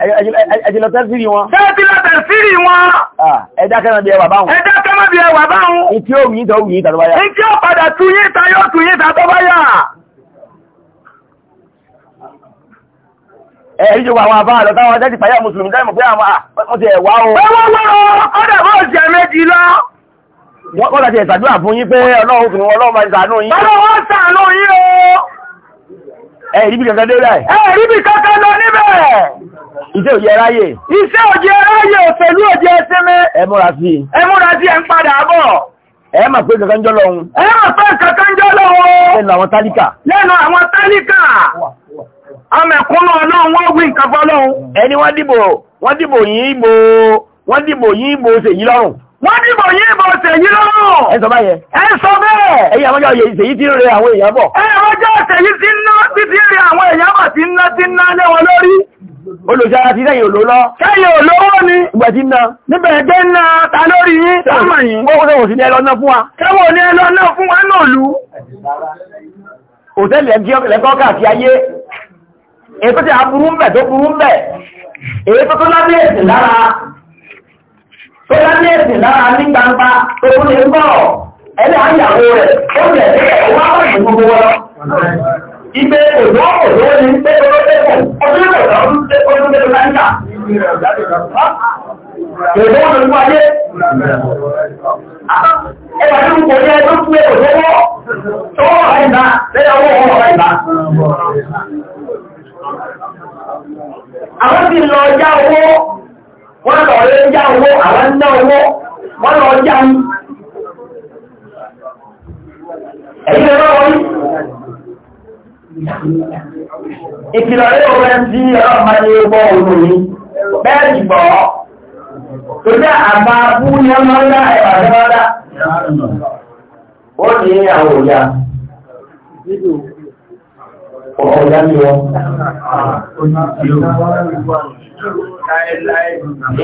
ẹjìlọ tẹ́sìrì wọn. tẹ́sìlọ tẹ́sìrì wọn. ẹjá kẹ́mọ̀ bí ẹwà báhùn. ẹjá kẹ́mọ̀ bí ẹwà báhùn. ìtí ó wùyí tó wùyí ìta tó bá ìtí padà tú yí ìta yóò tú yí ìta tó bá yá. ẹ̀rí jọ àwọn táwọn ti pàyà mùsùlùmí dáìmọ̀ pé àwọn àwọn ah, ti o. méjì lọ. wọ́n Ise òjì ẹráyè. Iṣẹ́ òjì ẹráyè òṣèlú òjì ẹsẹ́mẹ́. Ẹ múra sí i. Ẹ múra sí ẹ ń padà bọ̀. Ẹ mà pé kankan jọ́ lọ́hun. Ẹ mà pé kankan jọ́ lọ́hun. Lẹ́nu àwọn tálíkà. Lẹ́nu àwọn tálíkà. Amẹ̀kúnnà wọ́n wí nǹkan Ẹni wọ́n dìbò wọ́n dìbò yín ìbò wọ́n dìbò yín ìbò lọ́rùn. Wọ́n dìbò yín ìbò lọ́rùn. Ẹ sọ báyẹn. Ẹ sọ bẹ́ẹ̀. àwọn ọjọ́ ti ń rẹ àwọn èèyàn bọ̀. Ẹ ọjọ́ ti ń ná títí rẹ olùjára ti lẹ́yìn olóòlọ́ kẹ́yìn olówó ni ìgbẹ̀tí náà níbẹ̀ ẹgbẹ́ náà ta lórí yín tààmà yìí gbogbo sí ní ẹlọ́nà fún wa kẹwọ́ ní ẹlọ́nà fún wa náà lú òtẹ́lẹ̀ lẹ́gọ́kà sí ayé èyí tó ti aburú ń bẹ̀ tó burú ń bẹ̀ èyí tó tó lábí ẹ̀sìn lára tó lábí ẹ̀sìn lára ní gbangba tó kú ní ń bọ̀ ẹlẹ́ àyàwó rẹ̀ ó rẹ̀ Ibé kò ní lọ́wọ́, tọ́wọ́ àìbá, lẹ́yà Àwọn ti lọ já owó, wọ́n lọ lé já owó, àwọn ń ná owó, wọ́n lọ já ń. Ẹ̀yìn lọ́wọ́ yìí ìkìlọ̀ yóò rẹ̀ sí ọ̀rọ̀ ma ní ọgbọ́ òun ní bẹ́ẹ̀ ìgbọ́ tó jẹ́ àgbà fún ní ọmọ ọdá ẹ̀wà lọ́dá ó ní àwọn òyà ọ̀pọ̀ ìyá ní wọn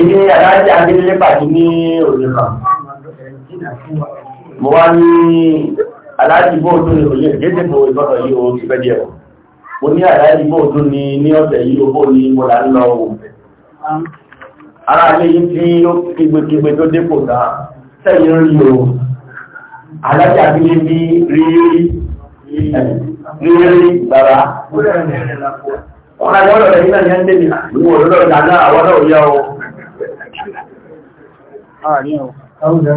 ilé alájẹ́ adílé pàdé ní aláàjì bó tó ní òye gẹ́gẹ́ bó ìgbọ́dọ̀ yìí o ti fẹ́ díẹ̀ o mo ní aláàjì bó tó ní ní ọ̀sẹ̀ yìí o bó ní mo là ń lọ o ara lè yí tí ó kígbékígbé tó dépò dá sẹ́yìn rí o aláàjì àbílé bí rírí rírí bàbá wọn náà rẹ̀ nígbà ní ẹ́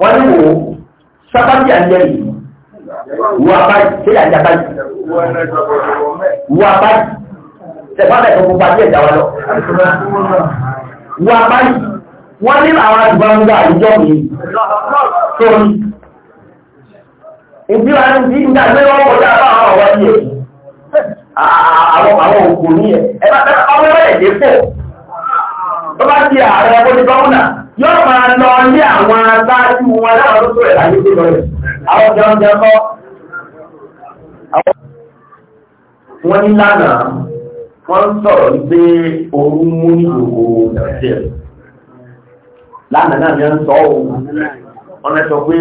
wọ́n ní wo sábàbí àjẹ́ yìí wo abáyì kéde àjẹ́ abáyì wo abáyì tẹ̀fọ́nà ìfọ̀kù pàdé ẹ̀dá wa lọ. wo abáyì wọ́n ní àwọn àdúgbò àjọ mi sórí. ìdí wa ní ìdá ìgbé wọn kò dá àwọn àwọn ọ̀wọ́ yìí àwọn àwọn òkú ní ẹ̀ ẹ̀ bá tẹ́lẹ̀ ọmọ ẹ̀dẹ́ pọ̀ tó bá di ààrẹ ọmọdé gọ́ọ̀nà. yóò máa lọ ní àwọn agbájú wọn láwọn tó rẹ̀ láyé tó lọ́rẹ̀ àwọn jẹun jẹ kọ́ wọ́n ní lánàá wọ́n sọ̀rọ̀ wípé ooru mú ní gbogbo nàìjíríà lánàá náà ń sọ ohun wọ́n lẹ́sọ pé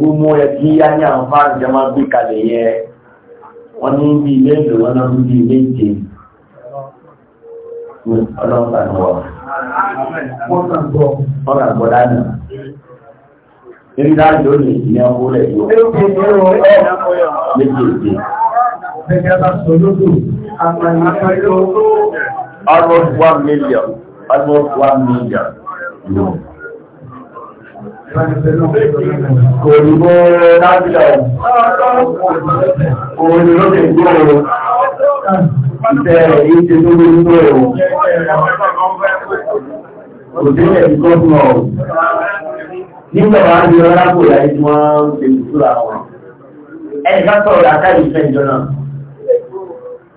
mú ní àwọn jẹ máa gbé kalẹ̀ yẹ wọ́n ní bí ilé ìlú wọn náà bí ilé ìjẹ wọ́n ọ̀rọ̀ àgbọ̀dá náà níbi dáa ní ìyẹn rẹ̀ yóò méjèèjì almost one million almost one million Kò ní bó rábílọ̀, kò ní lókè gbóòrò. Ìtẹ́ rẹ̀ yìí ti tó lórí tó rẹ̀ wò. Kò délẹ̀ ní gọ́ọ̀nà ọ̀hún. Nígbà wá ní ọlá kò láyé tí wọ́n ń ṣe ìtura wọn. Ẹni ká sọ̀rọ̀ àkáyì ìfẹ́ ìjọ náà.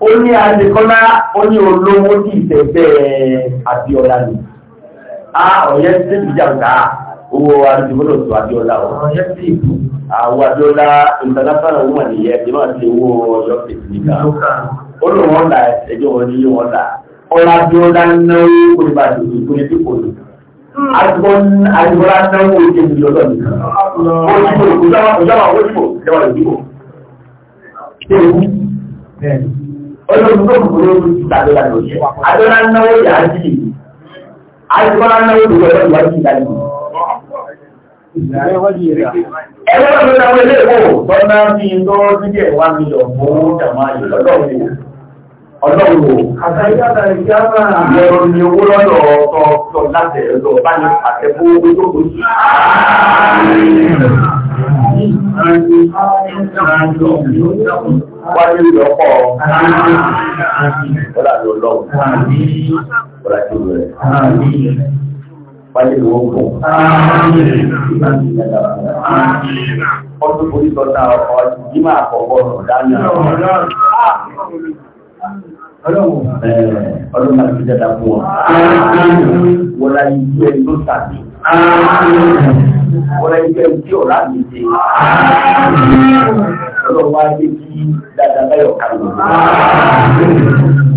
Ó ní Adékọ́lá, ó ní olówó ní ìfẹ́fẹ́ àti ọ̀la nì. A ọ̀yẹ́ tẹ́lifíjà ń kà á owó àdìmọ́lò tó àjọ́lá ọ̀. Àwọn àjọ́lá international woman yẹ ti máa ti owó ọjọ́ pẹ̀lú olùwọ́n là ẹjọ́ wọn ní wọn là ọlá àjọ́lá náwó kò hmm. ní bá dùn kò ní bí kò ní. Àjọ́lá náwó ojú ìlú ọjọ́ nìkan. Ojúbò ìjọba ìjọba ojúbò ìjọba ìjọba. Olóòtú tó kùkùrú ìtàdọ́lá lòdì. Àjọ́lá náwó yà á jì. Àjọ́lá náwó lòdì ọjọ́ ìwájú ìdájọ́. Ẹgbẹ́ tó lọ ilé ìwò tọ́lá ní tó dídẹ̀ wá mi lọ fún jàmá ìlọ́lọ́wò. Ọlọ́wò, àtàríkàtà ìjábà ìyẹ̀rọ ni owó lọ́dọ̀ ọ̀tọ̀ láti ẹ̀lọ bá ní àtẹ́kó owó tó kò sí. Wáyé ìlọ́pọ̀ ọ̀rọ̀ àti ọlọ́wò. Ọlọ́wò rẹ̀ wáyé ló ń bọ̀. ọdún orí lọ́ta ọkọ̀ yìí máa kọ̀ọ̀kọ̀ ọ̀rọ̀ dáná. ọdún máa fi dẹ́ta fún ọ. wọ́n la yí jẹ́ ló tàbí. wọ́n la yí jẹ́ tí ọ̀rá mi ṣe ọlọ́run wá kí dáadáa kàlù.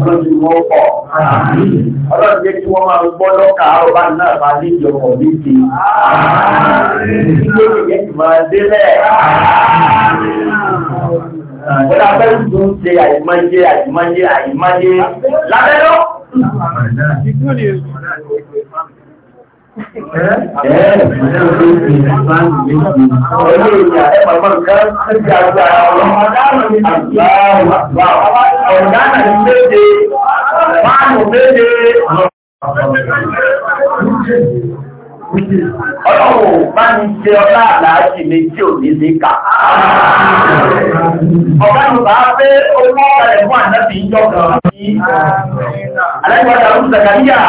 ọlọ́run ti wọ́n pọ̀ ọlọ́run kí wọ́n máa gbọ́ lọ́kà ọba náà máa ní ìjọpọ̀ méje. ilé ìyẹn ti máa délẹ̀. Wọ́n dá fẹ́ ṣe àyìmáyé àyìmáyé àyìmáyé lábẹ́ lọ. Ọlọ́run bá ní ṣe ọlá àlàájì méjì ò ní ní kà. Ọ̀gá ni bá fẹ́ owó ẹ̀mú àdábì ìjọ kan ní Alẹ́gbọ́dà Olùsẹ̀kàríyà.